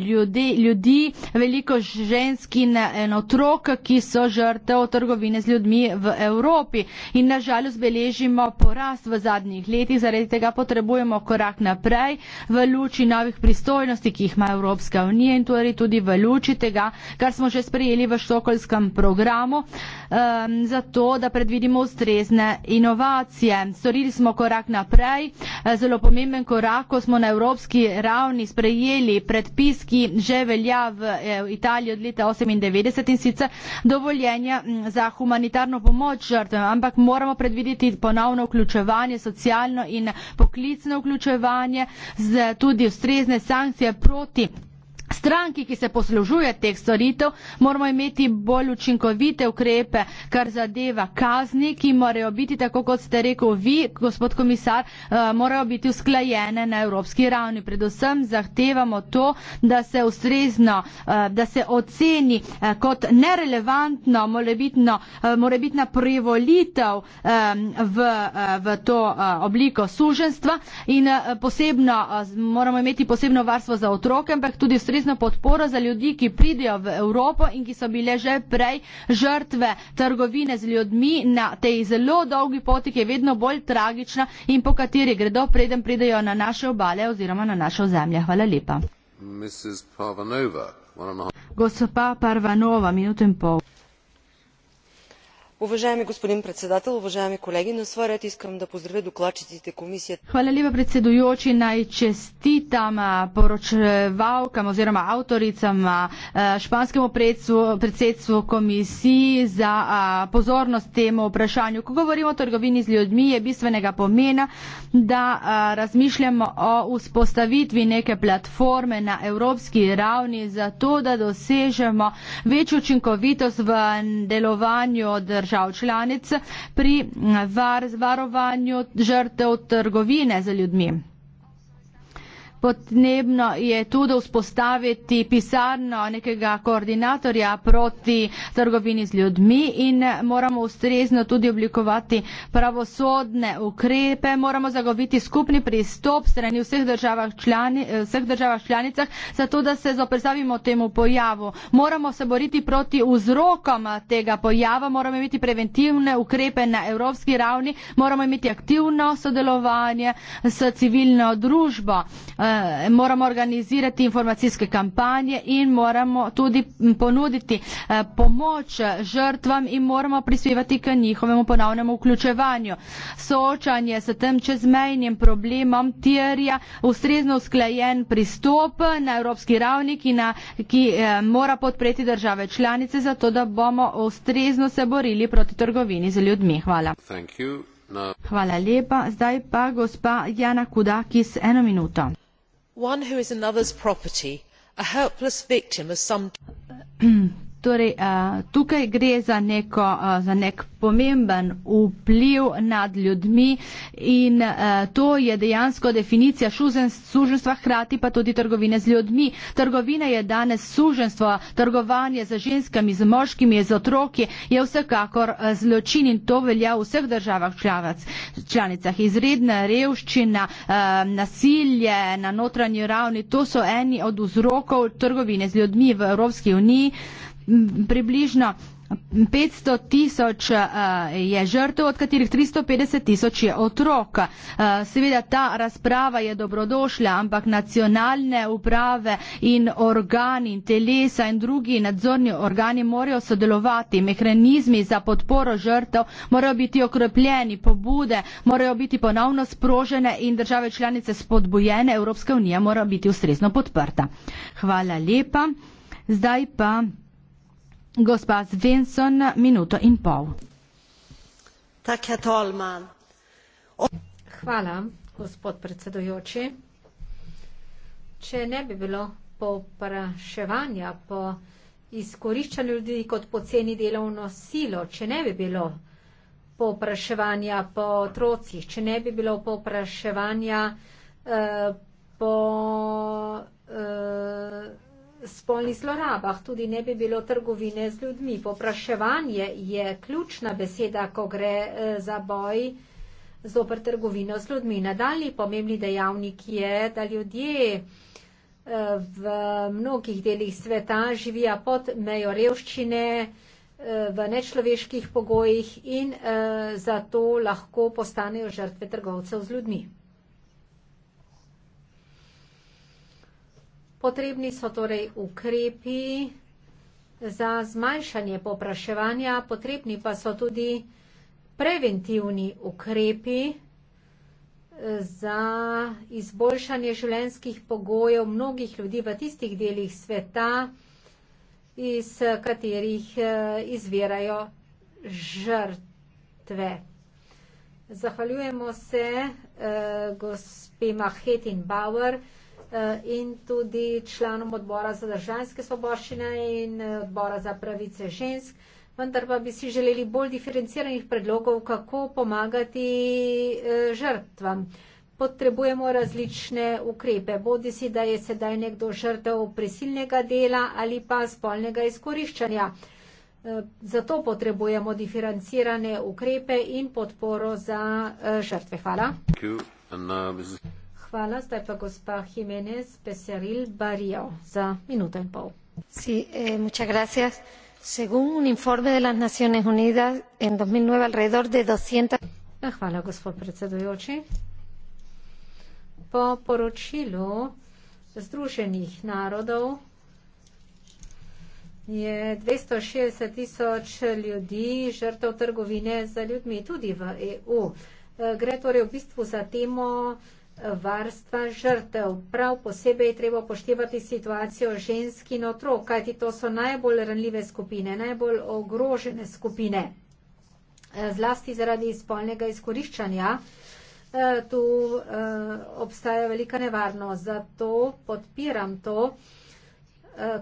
ljudi, ljudi, veliko žensk in, in eh, otrok, ki so žrtev trgovine z ljudmi v Evropi. In nažalost beležimo porast v zadnjih letih, zaradi tega potrebujemo korak naprej v luči novih pristojnosti, ki jih ima Evropska unija in torej tudi v luči tega, kar smo že sprejeli v štokolskem programu um, zato, da predvidimo ustrezne inovacije. Storili smo korak naprej, e, zelo pomemben korak, ko smo na evropski ravni sprejeli predpis, ki že velja v e, Italiji od leta 98 in sicer dovoljenja za humanitarno pomoč žrtvam, ampak moramo predvideti ponovno vključevanje, socialno in poklicno vključevanje z tudi ustrezne sankcije proti Stranki, ki se poslužuje teh storitev, moramo imeti bolj učinkovite ukrepe, kar zadeva kazni, ki morajo biti, tako kot ste rekel vi, gospod komisar, uh, morajo biti usklajene na evropski ravni. Predvsem zahtevamo to, da se ustrezno, uh, da se oceni uh, kot nerelevantno, mora biti na prevolitev um, v, uh, v to uh, obliko suženstva in uh, posebno, uh, moramo imeti posebno varstvo za otroke, ampak tudi ustrezno ustrezno podporo za ljudi, ki pridejo v Evropo in ki so bile že prej žrtve trgovine z ljudmi na tej zelo dolgi poti, ki je vedno bolj tragična in po kateri gredo, preden pridejo na naše obale oziroma na našo zemljo. Hvala lepa. Gospa Parvanova, minuto in pol. Уважаеми господин председател, уважаеми колеги, на своя ред искам да поздравя докладчиците комисията. Хвала лива председующи, най-честитам поручвалкам, озирама авторицам шпанскому председству комисии за позорност тема опрашанју. Кога говорим о торговини с людьми, е бисвенега помена да размишљамо о успоставитви неке платформе на европски равни за то да досежемо веќу учинковитост во делованју од држава držav članic pri mm, var, varovanju žrtev trgovine za ljudmi potrebno je tudi vzpostaviti pisarno nekega koordinatorja proti trgovini z ljudmi in moramo ustrezno tudi oblikovati pravosodne ukrepe, moramo zagoviti skupni pristop strani vseh državah, člani, eh, vseh državah članicah, zato da se zoprstavimo temu pojavu. Moramo se boriti proti vzrokom tega pojava, moramo imeti preventivne ukrepe na evropski ravni, moramo imeti aktivno sodelovanje s civilno družbo. E, Eh, moramo organizirati informacijske kampanje in moramo tudi ponuditi eh, pomoč žrtvam in moramo prispevati k njihovemu ponovnemu vključevanju. Soočanje s tem čezmejnim problemom terja ustrezno usklajen pristop na evropski ravni, ki, na, ki eh, mora podpreti države članice, zato da bomo ustrezno se borili proti trgovini z ljudmi. Hvala. Hvala lepa. Zdaj pa gospa Jana Kudakis, eno minuto one who is another's property a helpless victim of some. Torej, eh, tukaj gre za, neko, eh, za nek pomemben vpliv nad ljudmi in eh, to je dejansko definicija suženstva, hkrati pa tudi trgovine z ljudmi. Trgovina je danes suženstvo, trgovanje z ženskami, z moškimi, z otroki je vsekakor zločin in to velja v vseh državah članicah. Izredna revščina, nasilje na notranji ravni, to so eni od vzrokov trgovine z ljudmi v Evropski uniji približno 500 tisoč eh, je žrtev, od katerih 350 tisoč je otrok. Eh, seveda ta razprava je dobrodošla, ampak nacionalne uprave in organi, telesa in drugi nadzorni organi morajo sodelovati. Mehanizmi za podporo žrtev morajo biti okrepljeni, pobude morajo biti ponovno sprožene in države članice spodbujene, Evropska unija mora biti ustrezno podprta. Hvala lepa. Zdaj pa. Hvala, gospod predsedujoči. Če ne bi bilo povpraševanja po izkoriščanju ljudi kot poceni delovno silo, če ne bi bilo povpraševanja po otrocih, če ne bi bilo povpraševanja eh, po eh, spolnih zlorabah, tudi ne bi bilo trgovine z ljudmi. Popraševanje je ključna beseda, ko gre eh, za boj zopr trgovino z ljudmi. Nadaljni pomembni dejavnik je, da ljudje eh, v mnogih delih sveta živijo pod mejo revščine, eh, v nečloveških pogojih in zato lahko postanejo žrtve trgovcev z ljudmi. Potrebni so torej ukrepi za zmanjšanje popraševanja, potrebni pa so tudi preventivni ukrepi eh, za izboljšanje življenjskih pogojev mnogih ljudi v tistih delih sveta, iz katerih eh, izvirajo žrtve. Zahvaljujemo se eh, gospe Mahetin Bauer, Eh, in tudi članom odbora za državljanske svoboščine in eh, odbora za pravice žensk, vendar pa bi si želeli bolj diferenciranih predlogov, kako pomagati eh, žrtvam. Potrebujemo različne ukrepe, bodi si, da je sedaj nekdo žrtev prisilnega dela ali pa spolnega izkoriščanja. Zato potrebujemo diferencirane ukrepe in podporo za žrtve. Hvala. Thank you. And, uh, hvala. Zdaj pa gospa Jimenez Peseril Barijo za minuto in pol. Sí, eh, muchas gracias. Según un informe de las Naciones Unidas, en 2009 alrededor de 200. Ja, hvala, gospod predsedujoči. Po poročilu Združenih narodov je 260 tisoč ljudi žrtev trgovine za ljudmi tudi v EU. Eh, gre torej v bistvu za temo varstva žrtev. Prav posebej je treba poštevati situacijo žensk in otrok, kajti to so najbolj ranljive skupine, najbolj ogrožene skupine. Eh, zlasti zaradi spolnega izkoriščanja eh, tu eh, obstaja velika nevarnost. Zato podpiram to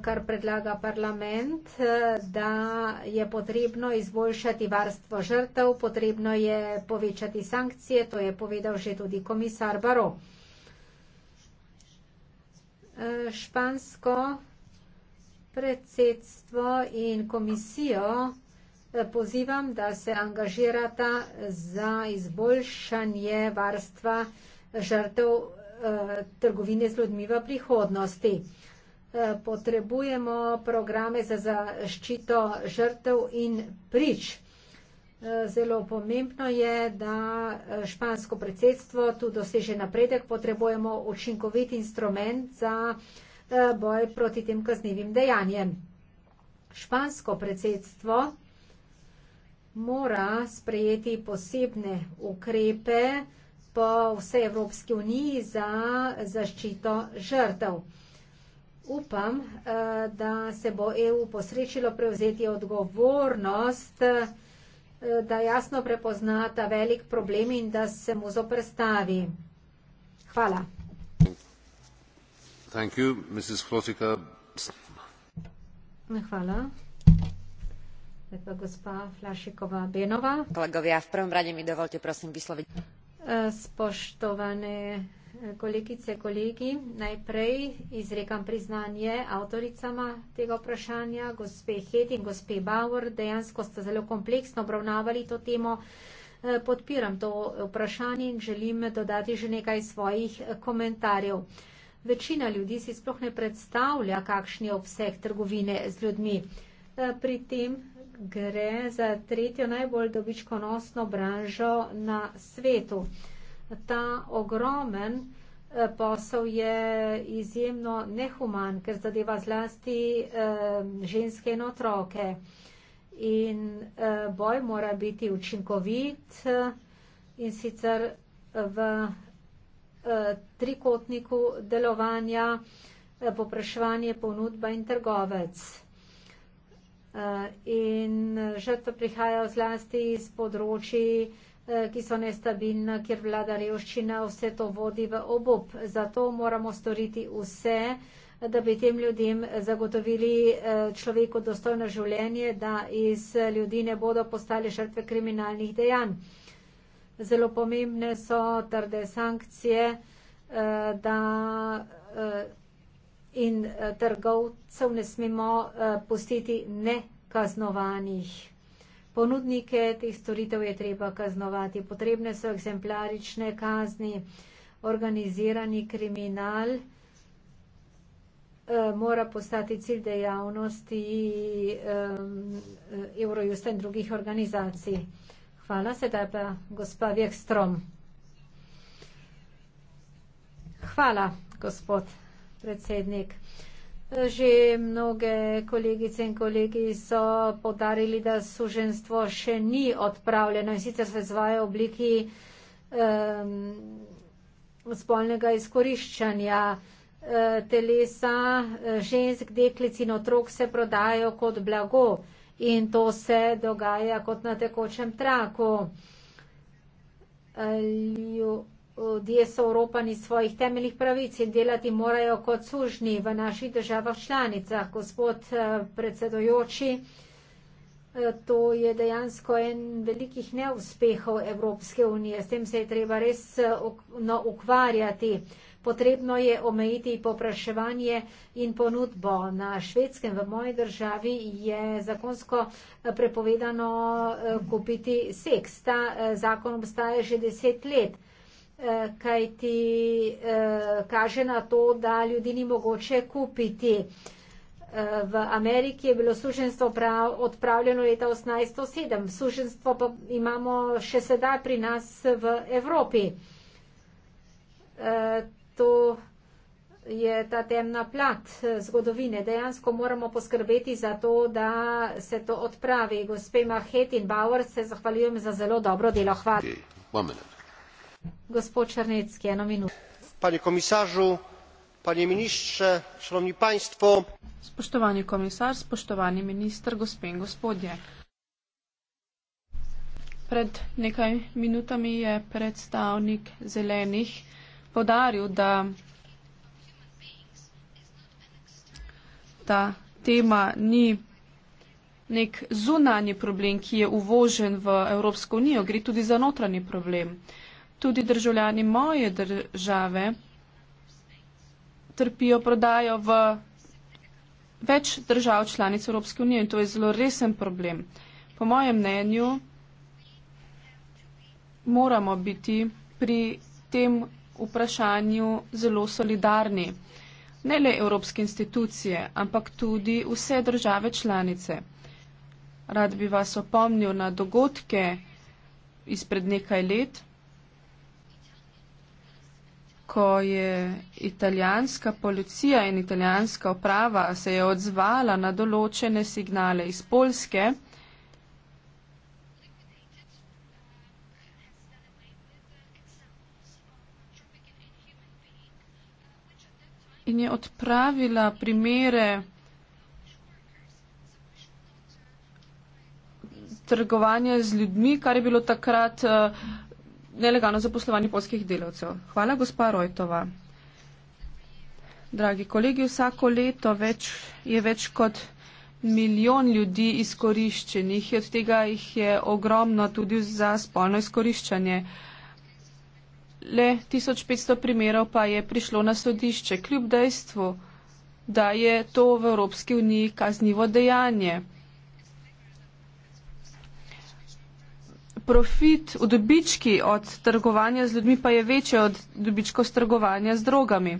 kar predlaga parlament, da je potrebno izboljšati varstvo žrtev, potrebno je povečati sankcije, to je povedal že tudi komisar Baro. Špansko predsedstvo in komisijo eh, pozivam, da se angažirata za izboljšanje varstva žrtev eh, trgovine z ljudmi v prihodnosti. Eh, potrebujemo programe za zaščito žrtev in prič. Eh, zelo pomembno je, da eh, špansko predsedstvo tu doseže napredek. Potrebujemo učinkovit instrument za boj proti tem kaznivim dejanjem. Špansko predsedstvo mora sprejeti posebne ukrepe po vsej Evropski uniji za zaščito žrtev upam, eh, da se bo EU posrečilo prevzeti odgovornost, eh, da jasno prepoznata velik problem in da se mu zoprstavi. Hvala. Thank you, Mrs. Flotica. Hvala. Lepa gospa Flašikova Benova. Kolegovia, v prvom rade mi dovolte prosím vysloviť. Eh, spoštovane kolegice, kolegi. Najprej izrekam priznanje avtoricama tega vprašanja, gospe Heti in gospe Bauer. Dejansko ste zelo kompleksno obravnavali to temo. Eh, podpiram to vprašanje in želim dodati že nekaj svojih eh, komentarjev. Večina ljudi si sploh ne predstavlja, kakšen je obseg trgovine z ljudmi. Eh, pri tem gre za tretjo najbolj dobičkonosno branžo na svetu ta ogromen eh, posel je izjemno nehuman, ker zadeva zlasti eh, ženske in otroke. In eh, boj mora biti učinkovit in sicer v trikotniku delovanja popraševanje, ponudba in trgovec. In žrtve prihajajo zlasti iz področji Eh, ki so nestabilna, kjer vlada revščina, vse to vodi v obup. Zato moramo storiti vse, da bi tem ljudem zagotovili eh, človeku dostojno življenje, da iz ljudi ne bodo postali žrtve kriminalnih dejanj. Zelo pomembne so trde sankcije eh, da, in trgovcev ne smemo pustiti nekaznovanih ponudnike teh storitev je treba kaznovati. Potrebne so eksemplarične kazni, organizirani kriminal eh, mora postati cilj dejavnosti um, Eurojusta in drugih organizacij. Hvala, sedaj pa gospa Vjekstrom. Hvala, gospod predsednik. Že mnoge kolegice in kolegi so podarili, da suženstvo še ni odpravljeno in sicer se zvaja obliki um, spolnega izkoriščanja uh, telesa e, žensk, deklic in otrok se prodajo kot blago in to se dogaja kot na tekočem traku. Uh, ljudje so oropani svojih temeljnih pravic in delati morajo kot sužni v naših državah članicah. Gospod eh, predsedojoči, eh, to je dejansko en velikih neuspehov Evropske unije. S tem se je treba res eh, no, ukvarjati. Potrebno je omejiti popraševanje in ponudbo. Na švedskem, v moji državi, je zakonsko prepovedano kupiti seks. Ta zakon obstaja že deset let. Eh, kaj ti eh, kaže na to, da ljudi ni mogoče kupiti. Eh, v Ameriki je bilo suženstvo odpravljeno leta 1807, suženstvo pa imamo še sedaj pri nas v Evropi. To je ta temna plat zgodovine. Dejansko moramo poskrbeti za to, da se to odpravi. Gospe Mahet in Bauer, se zahvaljujem za zelo dobro delo. Hvala panie komisarzu panie ministrze szanowni państwo! spoštovani komisar spoštovani minister gospe in gospodje pred nekaj minutami je predstavnik zelenih poudaril da ta tema ni nek zunanji problem ki je uvožen v evropsko unijo gre tudi za notranji problem. Tudi državljani moje države trpijo prodajo v več držav članic Evropske unije in to je zelo resen problem. Po mojem mnenju moramo biti pri tem vprašanju zelo solidarni. Ne le evropske institucije, ampak tudi vse države članice. Rad bi vas opomnil na dogodke izpred nekaj let, ko je italijanska policija in italijanska uprava se je odzvala na določene signale iz Polske, In je odpravila primere trgovanja z ljudmi, kar je bilo takrat uh, nelegalno zaposlovanje polskih delavcev. Hvala, gospa Rojtova. Dragi kolegi, vsako leto več, je več kot milijon ljudi izkoriščenih, od tega jih je ogromno tudi za spolno izkoriščanje. Le 1500 primerov pa je prišlo na sodišče, kljub dejstvu, da je to v Evropski uniji kaznivo dejanje. profit, v dobički od trgovanja z ljudmi pa je večji od dobičkov s trgovanja z drogami.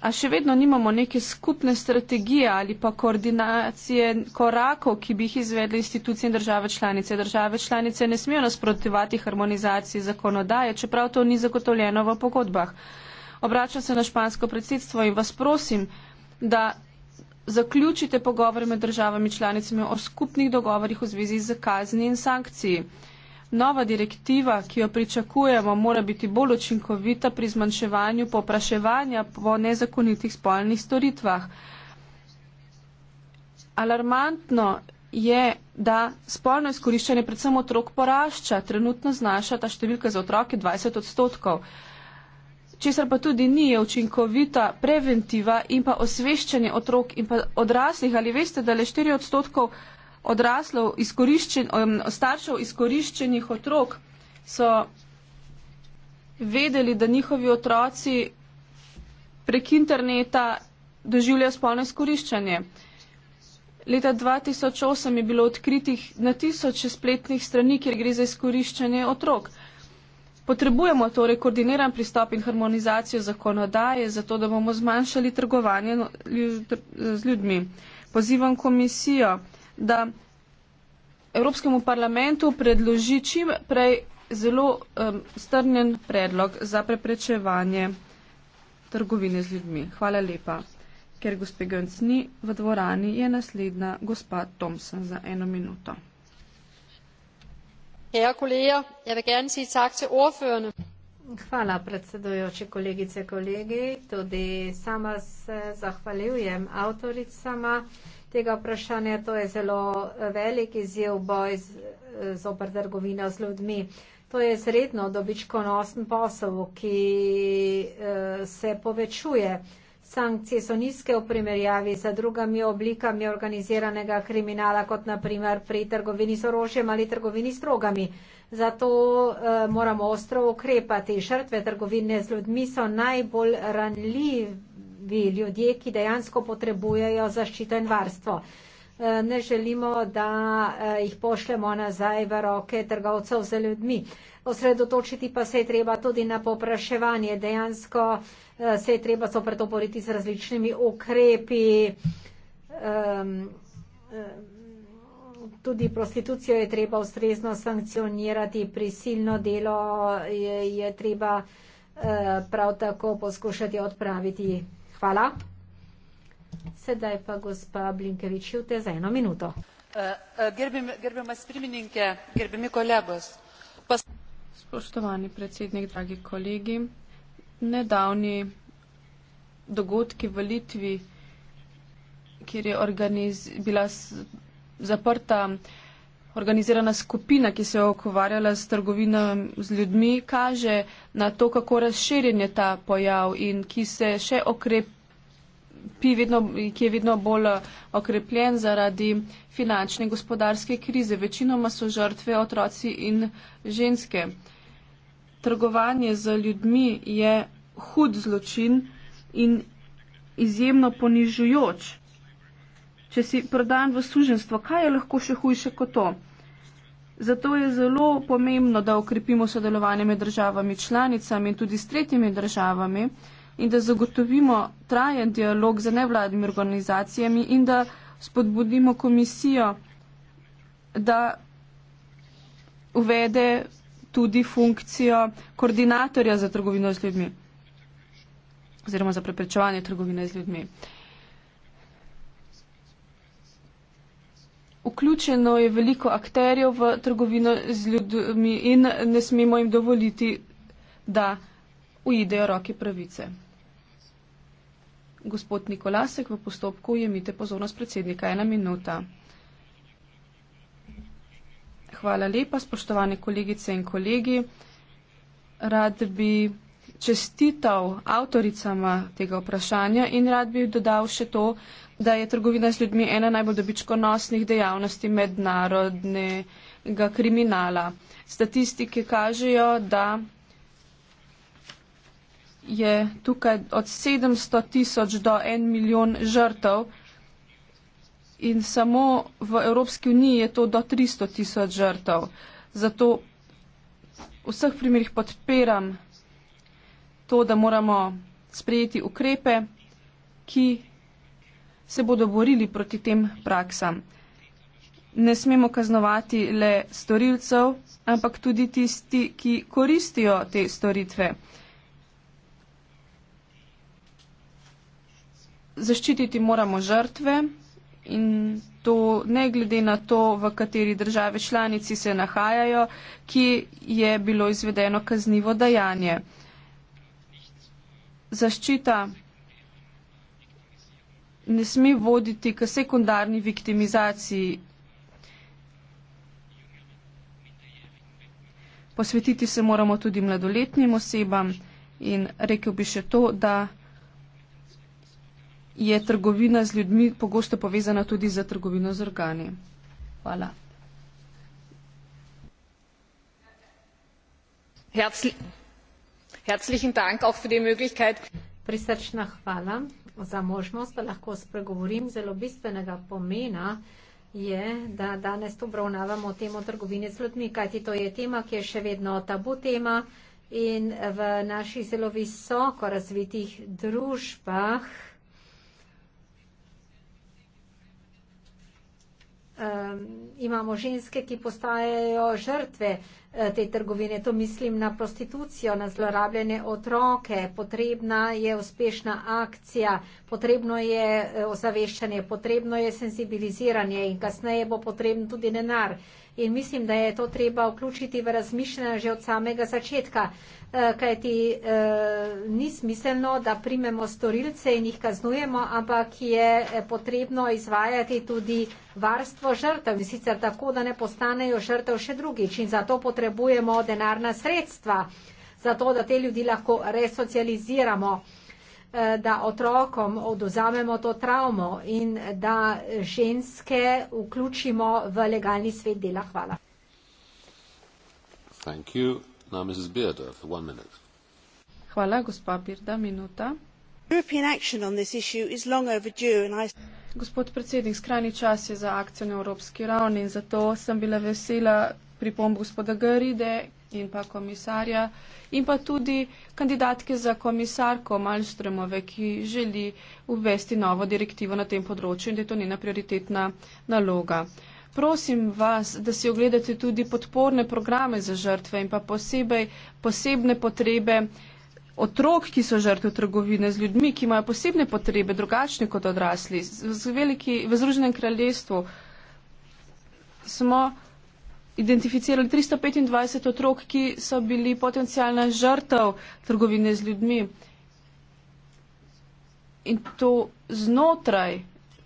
A še vedno nimamo neke skupne strategije ali pa koordinacije korakov, ki bi jih izvedli institucije in države članice. Države članice ne smejo nasprotivati harmonizaciji zakonodaje, čeprav to ni zagotovljeno v pogodbah. Obračam se na špansko predsedstvo in vas prosim, da zaključite pogovore med državami članicami o skupnih dogovorih v zvezi z kazni in sankciji. Nova direktiva, ki jo pričakujemo, mora biti bolj učinkovita pri zmanjševanju popraševanja po nezakonitih spolnih storitvah. Alarmantno je, da spolno izkoriščanje predvsem otrok porašča. Trenutno znaša ta številka za otroke 20 odstotkov. Česar pa tudi ni je učinkovita preventiva in pa osveščanje otrok in pa odraslih. Ali veste, da le 4 odstotkov odraslov, izkoriščen, um, staršev izkoriščenih otrok so vedeli, da njihovi otroci prek interneta doživljajo spolno izkoriščanje. Leta 2008 je bilo odkritih na tisoče spletnih strani, kjer gre za izkoriščanje otrok. Potrebujemo torej koordiniran pristop in harmonizacijo zakonodaje, zato da bomo zmanjšali trgovanje no, z ljudmi. Pozivam komisijo, da Evropskemu parlamentu predloži čim prej zelo um, strnjen predlog za preprečevanje trgovine z ljudmi. Hvala lepa. Ker gospe Gönc ni v dvorani, je naslednja gospa Thompson za eno minuto. Hvala predsedujoči kolegice, kolegi. Tudi sama se zahvaljujem avtoricama tega vprašanja. To je zelo eh, velik izjev boj z, eh, z opr trgovino z ljudmi. To je sredno dobičkonosen posel, ki eh, se povečuje. Sankcije so nizke v primerjavi z drugimi oblikami organiziranega kriminala, kot naprimer pri trgovini z orožjem ali trgovini s drogami. Zato moramo ostro ukrepati. Žrtve trgovine z ljudmi so najbolj ranljive vi ljudje, ki dejansko potrebujejo zaščito in varstvo. E, ne želimo, da e, jih pošljemo nazaj v roke trgovcev za ljudmi. Osredotočiti pa se je treba tudi na popraševanje. Dejansko e, se je treba sopretoporiti z različnimi ukrepi. Um, tudi prostitucijo je treba ustrezno sankcionirati, prisilno delo je, je treba uh, prav tako poskušati odpraviti. Hvala. Sedaj pa gospa Blinkevič, jute za eno minuto. Eh, eh, Gerbimas priminjenke, gerbimi kolegos. Spoštovani predsednik, dragi kolegi, nedavni dogodki v Litvi, kjer je bila zaprta organizirana skupina, ki se je okovarjala s trgovino z ljudmi, kaže na to, kako razširjen je ta pojav in ki se še okrepi, vedno, ki je vedno bolj okrepljen zaradi finančne in gospodarske krize. Večinoma so žrtve otroci in ženske. Trgovanje z ljudmi je hud zločin in izjemno ponižujoč če si prodan v suženstvo, kaj je lahko še hujše kot to? Zato je zelo pomembno, da okrepimo sodelovanje med državami članicami in tudi s tretjimi državami in da zagotovimo trajen dialog z nevladnimi organizacijami in da spodbudimo komisijo, da uvede tudi funkcijo koordinatorja za trgovino z ljudmi oziroma za preprečevanje trgovine z ljudmi. Uh, Vključeno je veliko akterjev v trgovino z ljudmi in ne smemo jim dovoliti, da ujidejo roki pravice. Gospod Nikolasek, v postopku jemite pozornost predsednika. Ena minuta. Hvala lepa, spoštovane kolegice in kolegi. Rad bi čestital avtoricama tega vprašanja in rad bi dodal še to, da je trgovina z ljudmi ena najbolj dobičkonosnih dejavnosti mednarodnega kriminala. Statistike kažejo, da je tukaj od 700 tisoč do 1 milijon žrtev in samo v Evropski uniji je to do 300 tisoč žrtev. Zato v vseh primerjih podpiram to, da moramo sprejeti ukrepe, ki se bodo borili proti tem praksam. Ne smemo kaznovati le storilcev, ampak tudi tisti, ki koristijo te storitve. Zaščititi moramo žrtve in to ne glede na to, v kateri države članici se nahajajo, ki je bilo izvedeno kaznivo dajanje. Zaščita ne sme voditi k sekundarni viktimizaciji. Posvetiti se moramo tudi mladoletnim osebam in rekel bi še to, da je trgovina z ljudmi pogosto povezana tudi za trgovino z organi. Hvala. Herzlichen Dank auch für die Möglichkeit. Prisrčna hvala za možnost, da lahko spregovorim. Zelo bistvenega pomena je, da danes obravnavamo temo trgovine z ljudmi, kajti to je tema, ki je še vedno tabu tema in v naših zelo visoko razvitih družbah. Um, imamo ženske, ki postajajo žrtve uh, Eh, te trgovine, to mislim na prostitucijo, na zlorabljene otroke, potrebna je uspešna akcija, potrebno je eh, ozaveščanje, potrebno je senzibiliziranje in kasneje bo potrebno tudi denar. In mislim, da je to treba vključiti v razmišljanje že od samega začetka, eh, kajti ni smiselno, da primemo storilce in jih kaznujemo, ampak je potrebno izvajati tudi varstvo žrtev, sicer tako, da ne postanejo žrtev še drugič in zato potrebno potrebujemo denarna sredstva, zato da te ljudi lahko resocializiramo, eh, da otrokom oduzamemo to travmo in da ženske vključimo v legalni svet dela. Hvala. Hvala, gospa Birda, minuta. Gospod predsednik, skrajni čas je za akcijo na evropski ravni in zato sem bila vesela pripomb gospoda Garide in pa komisarja in pa tudi kandidatke za komisarko Malstremove, ki želi uvesti novo direktivo na tem področju in da je to njena prioritetna naloga. Prosim vas, da si ogledate tudi podporne programe za žrtve in pa posebej posebne potrebe otrok, ki so žrtve trgovine z ljudmi, ki imajo posebne potrebe, drugačne kot odrasli. V, veliki, v Združenem kraljestvu smo identificirali 325 otrok, ki so bili potencijalna žrtev trgovine z ljudmi. In to znotraj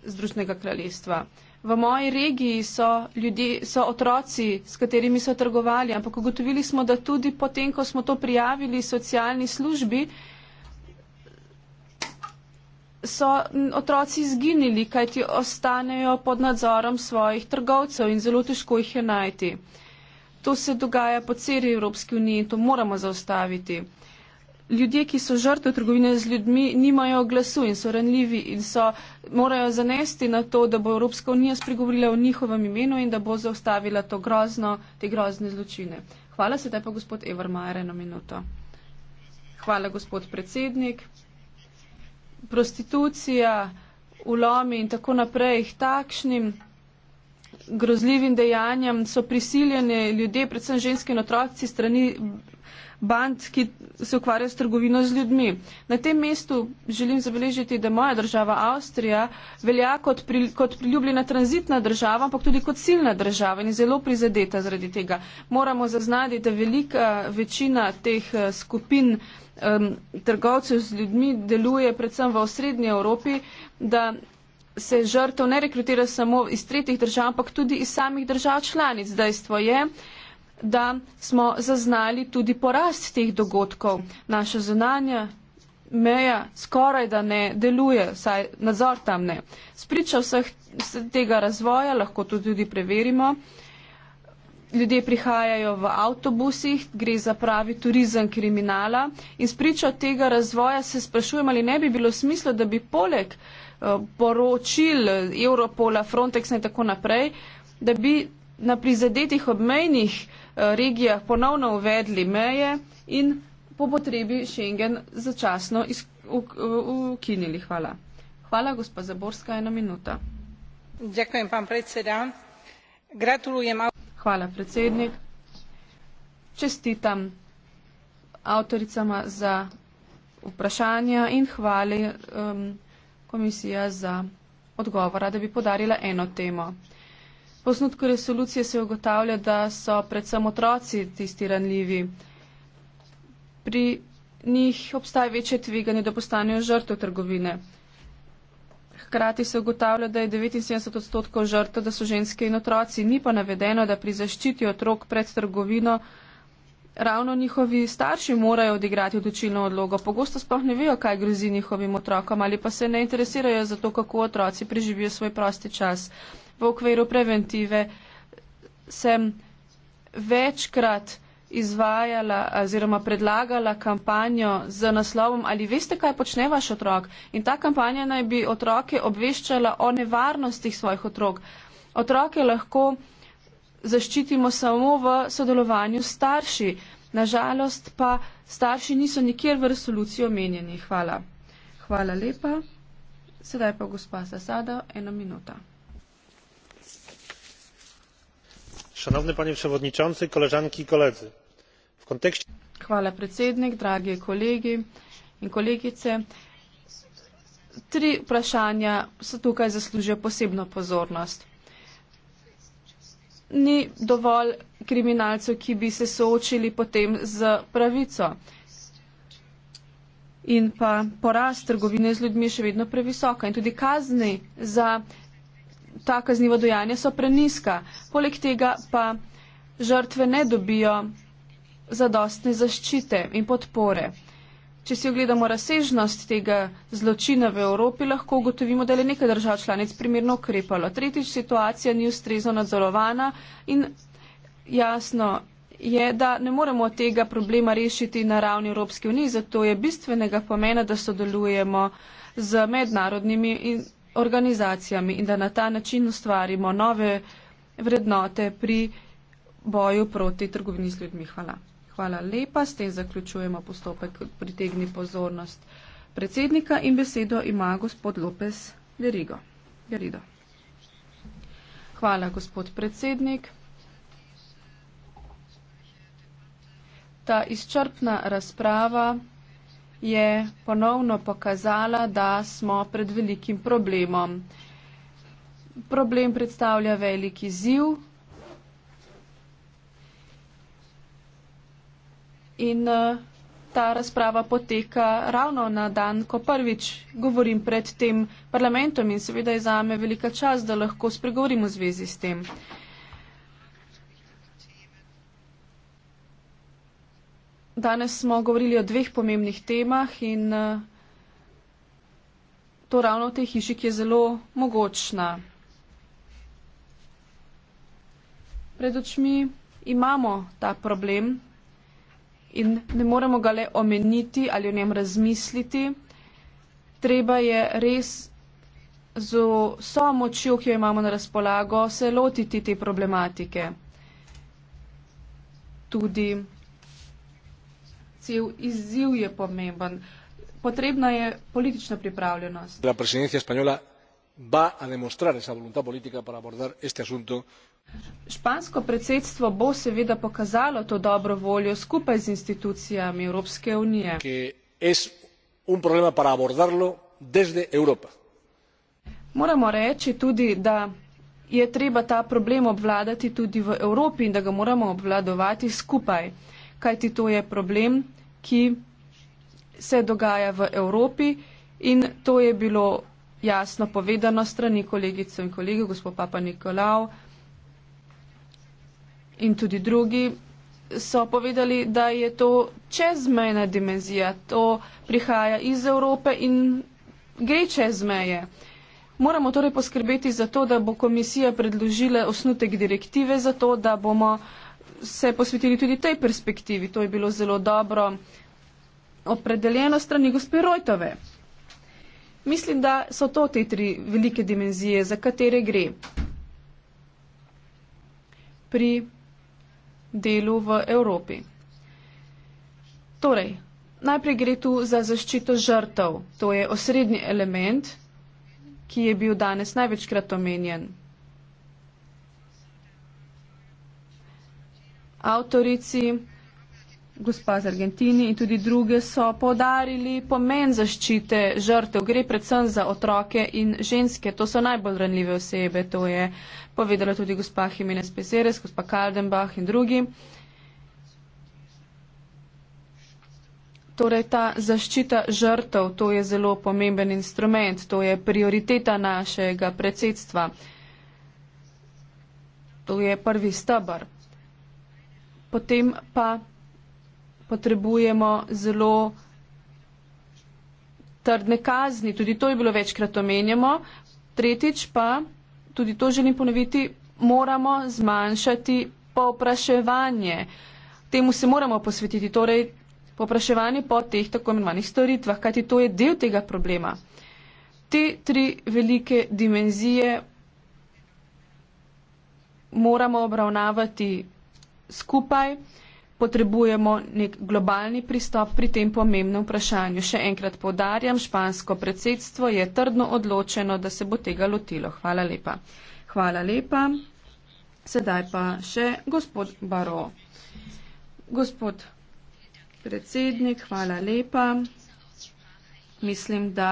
Združnega kraljestva. V moji regiji so, ljudje, so otroci, s katerimi so trgovali, ampak ugotovili smo, da tudi potem, ko smo to prijavili socialni službi, so otroci izginili, kajti ostanejo pod nadzorom svojih trgovcev in zelo težko jih je najti. To se dogaja po celi Evropski uniji in to moramo zaustaviti. Ljudje, ki so žrtve trgovine z ljudmi, nimajo glasu in so ranljivi in so, morajo zanesti na to, da bo Evropska unija spregovorila o njihovem imenu in da bo zaustavila to grozno, te grozne zločine. Hvala se, da je pa gospod Evar Majer eno minuto. Hvala, gospod predsednik prostitucija, ulomi in tako naprej, jih takšnim grozljivim dejanjem so prisiljeni ljudje, predvsem ženski in otroci, strani band, ki se ukvarja s trgovino z ljudmi. Na tem mestu želim zabeležiti, da moja država Avstrija velja kot, pri, kot priljubljena tranzitna država, ampak tudi kot silna država in je zelo prizadeta zaradi tega. Moramo zaznati, da velika večina teh eh, skupin um, trgovcev z ljudmi deluje predvsem v osrednji Evropi, da se žrtev ne rekrutira samo iz tretjih držav, ampak tudi iz samih držav članic. Dejstvo je, da smo zaznali tudi porast teh dogodkov. Naša zunanja meja skoraj da ne deluje, saj nadzor tam ne. Spriča vseh tega razvoja lahko to tudi preverimo. Ljudje prihajajo v avtobusih, gre za pravi turizem kriminala in spričo tega razvoja se sprašujemo, ali ne bi bilo smisla, da bi poleg eh, poročil eh, Europola, Frontexa in tako naprej, da bi na prizadetih obmejnih eh, regijah ponovno uvedli meje in po potrebi Schengen začasno ukinili. Hvala. Hvala, gospa Zaborska, ena minuta. Ďakujem, pán predseda. Gratulujem. Hvala, predsednik. Čestitam avtoricama za vprašanja in hvali um, komisija za odgovora, da bi podarila eno temo. Po osnutku resolucije se ugotavlja, da so predvsem otroci tisti ranljivi. Pri njih obstaja večje tveganje, da postanejo žrtve trgovine. Hkrati se ugotavlja, da je 79 odstotkov žrtev, da so ženske in otroci. Ni pa navedeno, da pri zaščiti otrok pred trgovino ravno njihovi starši morajo odigrati odločilno odlogo. Pogosto sploh ne vejo, kaj grozi njihovim otrokom ali pa se ne interesirajo za to, kako otroci preživijo svoj prosti čas v okviru preventive sem večkrat izvajala oziroma predlagala kampanjo z naslovom Ali veste, kaj počne vaš otrok? In ta kampanja naj bi otroke obveščala o nevarnostih svojih otrok. Otroke lahko zaščitimo samo v sodelovanju s starši. Nažalost pa starši niso nikjer v resoluciji omenjeni. Hvala. Hvala lepa. Sedaj pa gospa Sasada, ena minuta. szanowny panie przewodniczący koleżanki i koledzy! tri vprašanja so tukaj zaslužijo posebno pozornost. ni dovolj kriminalcev ki bi se soočili potem z pravico in pa porast trgovine z ljudmi je še vedno previsoka in tudi kazni za ta kaznivo dojanje so preniska. Poleg tega pa žrtve ne dobijo zadostne zaščite in podpore. Če si ogledamo razsežnost tega zločina v Evropi, lahko ugotovimo, da je nekaj držav članic primerno ukrepalo. Tretjič, situacija ni ustrezno nadzorovana in jasno je, da ne moremo tega problema rešiti na ravni Evropske unije, zato je bistvenega pomena, da sodelujemo z mednarodnimi organizacijami in da na ta način ustvarimo nove vrednote pri boju proti trgovini z ljudmi. Hvala. Hvala lepa. S tem zaključujemo postopek pritegni pozornost predsednika in besedo ima gospod Lopez Derigo. Derido. Hvala, gospod predsednik. Ta izčrpna razprava je ponovno pokazala, da smo pred velikim problemom. Problem predstavlja veliki ziv in eh, ta razprava poteka ravno na dan, ko prvič govorim pred tem parlamentom in seveda je zame velika čas, da lahko spregovorim v zvezi s tem. Danes smo govorili o dveh pomembnih temah in eh, to ravno v tej hiši, ki je zelo mogočna. Pred očmi imamo ta problem in ne moremo ga le omeniti ali o njem razmisliti. Treba je res z vso močjo, ki jo imamo na razpolago, se lotiti te problematike. Tudi cel izziv je pomemben. Potrebna je politična pripravljenost. La presidencia española va a demostrar esa voluntad política para abordar este asunto. Špansko predsedstvo bo seveda pokazalo to dobro voljo skupaj z institucijami Evropske unije. Que es un problema para abordarlo desde Europa. Moramo reči tudi, da je treba ta problem obvladati tudi v Evropi in da ga moramo obvladovati skupaj kajti to je problem, ki se dogaja v Evropi in to je bilo jasno povedano strani kolegice in kolege, gospod Papa Nikolao in tudi drugi so povedali, da je to čezmejna dimenzija, to prihaja iz Evrope in gre čezmeje. Moramo torej poskrbeti za to, da bo komisija predložila osnutek direktive za to, da bomo uh, se posvetili tudi tej perspektivi. To je bilo zelo dobro opredeljeno strani gospe Rojtove. Mislim, da so to te tri velike dimenzije, za katere gre pri delu v Evropi. Torej, najprej gre tu za zaščito žrtev. To je osrednji element, ki je bil danes največkrat omenjen. avtorici, gospa z Argentini in tudi druge so podarili pomen zaščite žrtev. Gre predvsem za otroke in ženske. To so najbolj ranljive osebe. To je povedala tudi gospa Jimenez Peseres, gospa Kaldenbach in drugi. Torej ta zaščita žrtev, to je zelo pomemben instrument, to je prioriteta našega predsedstva. To je prvi stabar potem pa potrebujemo zelo trdne kazni. Tudi to je bilo večkrat omenjamo. Tretjič pa, tudi to želim ponoviti, moramo zmanjšati popraševanje. Temu se moramo posvetiti, torej popraševanje po teh tako imenovanih storitvah, kajti to je del tega problema. Te tri velike dimenzije moramo obravnavati skupaj potrebujemo nek globalni pristop pri tem pomembnem vprašanju. Še enkrat povdarjam, špansko predsedstvo je trdno odločeno, da se bo tega lotilo. Hvala lepa. Hvala lepa. Sedaj pa še gospod Baro. Gospod predsednik, hvala lepa. Mislim, da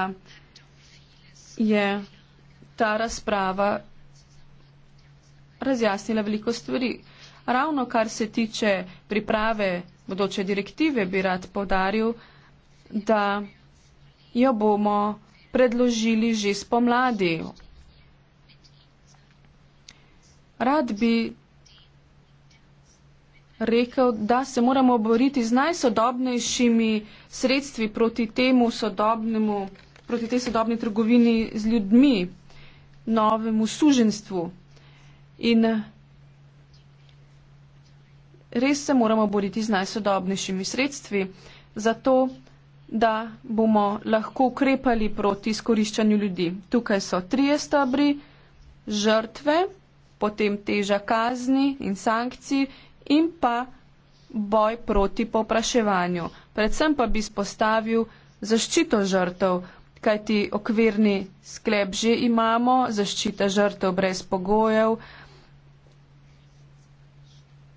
je ta razprava razjasnila veliko stvari. Ravno kar se tiče priprave bodoče direktive, bi rad podaril, da jo bomo predložili že spomladi. Rad bi rekel, da se moramo boriti z najsodobnejšimi sredstvi proti temu sodobnemu, proti tej sodobni trgovini z ljudmi, novemu suženstvu. In res se moramo boriti z najsodobnejšimi sredstvi, zato da bomo lahko ukrepali proti izkoriščanju ljudi. Tukaj so trije stabri, žrtve, potem teža kazni in sankcij in pa boj proti popraševanju. Predvsem pa bi spostavil zaščito žrtev, kajti okvirni sklep že imamo, zaščita žrtev brez pogojev,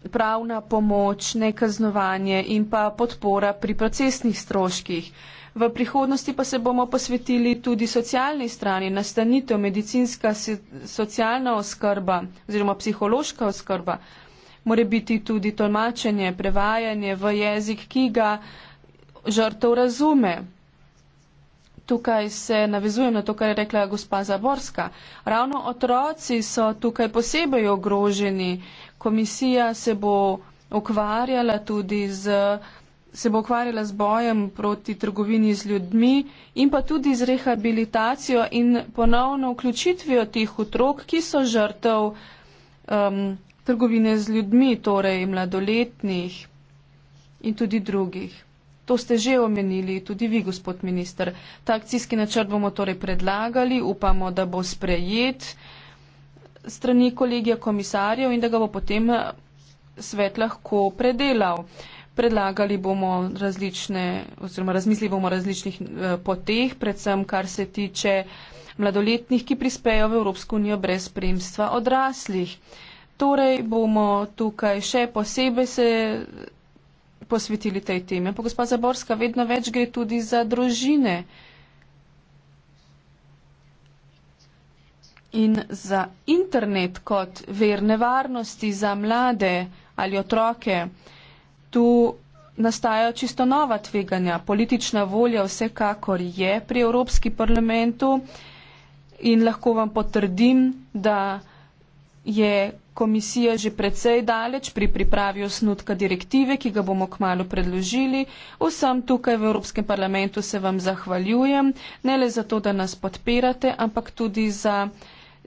pravna pomoč, nekaznovanje in pa podpora pri procesnih stroških. V prihodnosti pa se bomo posvetili tudi socialni strani, nastanitev, medicinska, si, socialna oskrba oziroma psihološka oskrba. More biti tudi tolmačenje, prevajanje v jezik, ki ga žrtev razume. Tukaj se navezujem na to, kar je rekla gospa Zaborska. Ravno otroci so tukaj posebej ogroženi, komisija se bo ukvarjala tudi z se bo ukvarjala z bojem proti trgovini z ljudmi in pa tudi z rehabilitacijo in ponovno vključitvijo teh otrok, ki so žrtev um, trgovine z ljudmi, torej mladoletnih in tudi drugih. To ste že omenili, tudi vi, gospod minister. Ta akcijski načrt bomo torej predlagali, upamo, da bo sprejet strani kolegija komisarjev in da ga bo potem eh, svet lahko predelal. Predlagali bomo različne oziroma razmislili bomo različnih eh, poteh, predvsem kar se tiče mladoletnih, ki prispejo v Evropsko unijo brez spremstva odraslih. Torej bomo tukaj še posebej se posvetili tej teme. Pa gospa Zaborska, vedno več gre tudi za družine. in za internet kot ver nevarnosti za mlade ali otroke. Tu nastajajo čisto nova tveganja. Politična volja vsekakor je pri Evropski parlamentu in lahko vam potrdim, da je komisija že precej daleč pri pripravi osnutka direktive, ki ga bomo kmalo predložili. Vsem tukaj v Evropskem parlamentu se vam zahvaljujem, ne le zato, da nas podpirate, ampak tudi za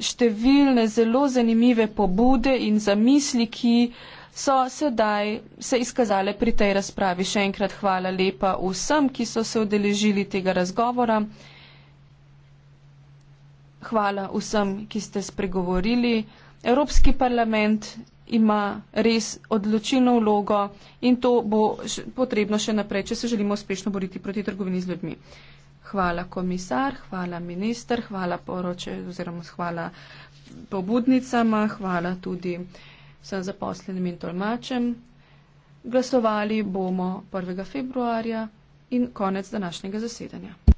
številne zelo zanimive pobude in zamisli, ki so sedaj se izkazale pri tej razpravi. Še enkrat hvala lepa vsem, ki so se odeležili tega razgovora. Hvala vsem, ki ste spregovorili. Evropski parlament ima res odločilno vlogo in to bo potrebno še naprej, če se želimo uspešno boriti proti trgovini z ljudmi hvala komisar, hvala minister, hvala poroče oziroma hvala pobudnicama, hvala tudi vsem zaposlenim in tolmačem. Glasovali bomo 1. februarja in konec današnjega zasedanja.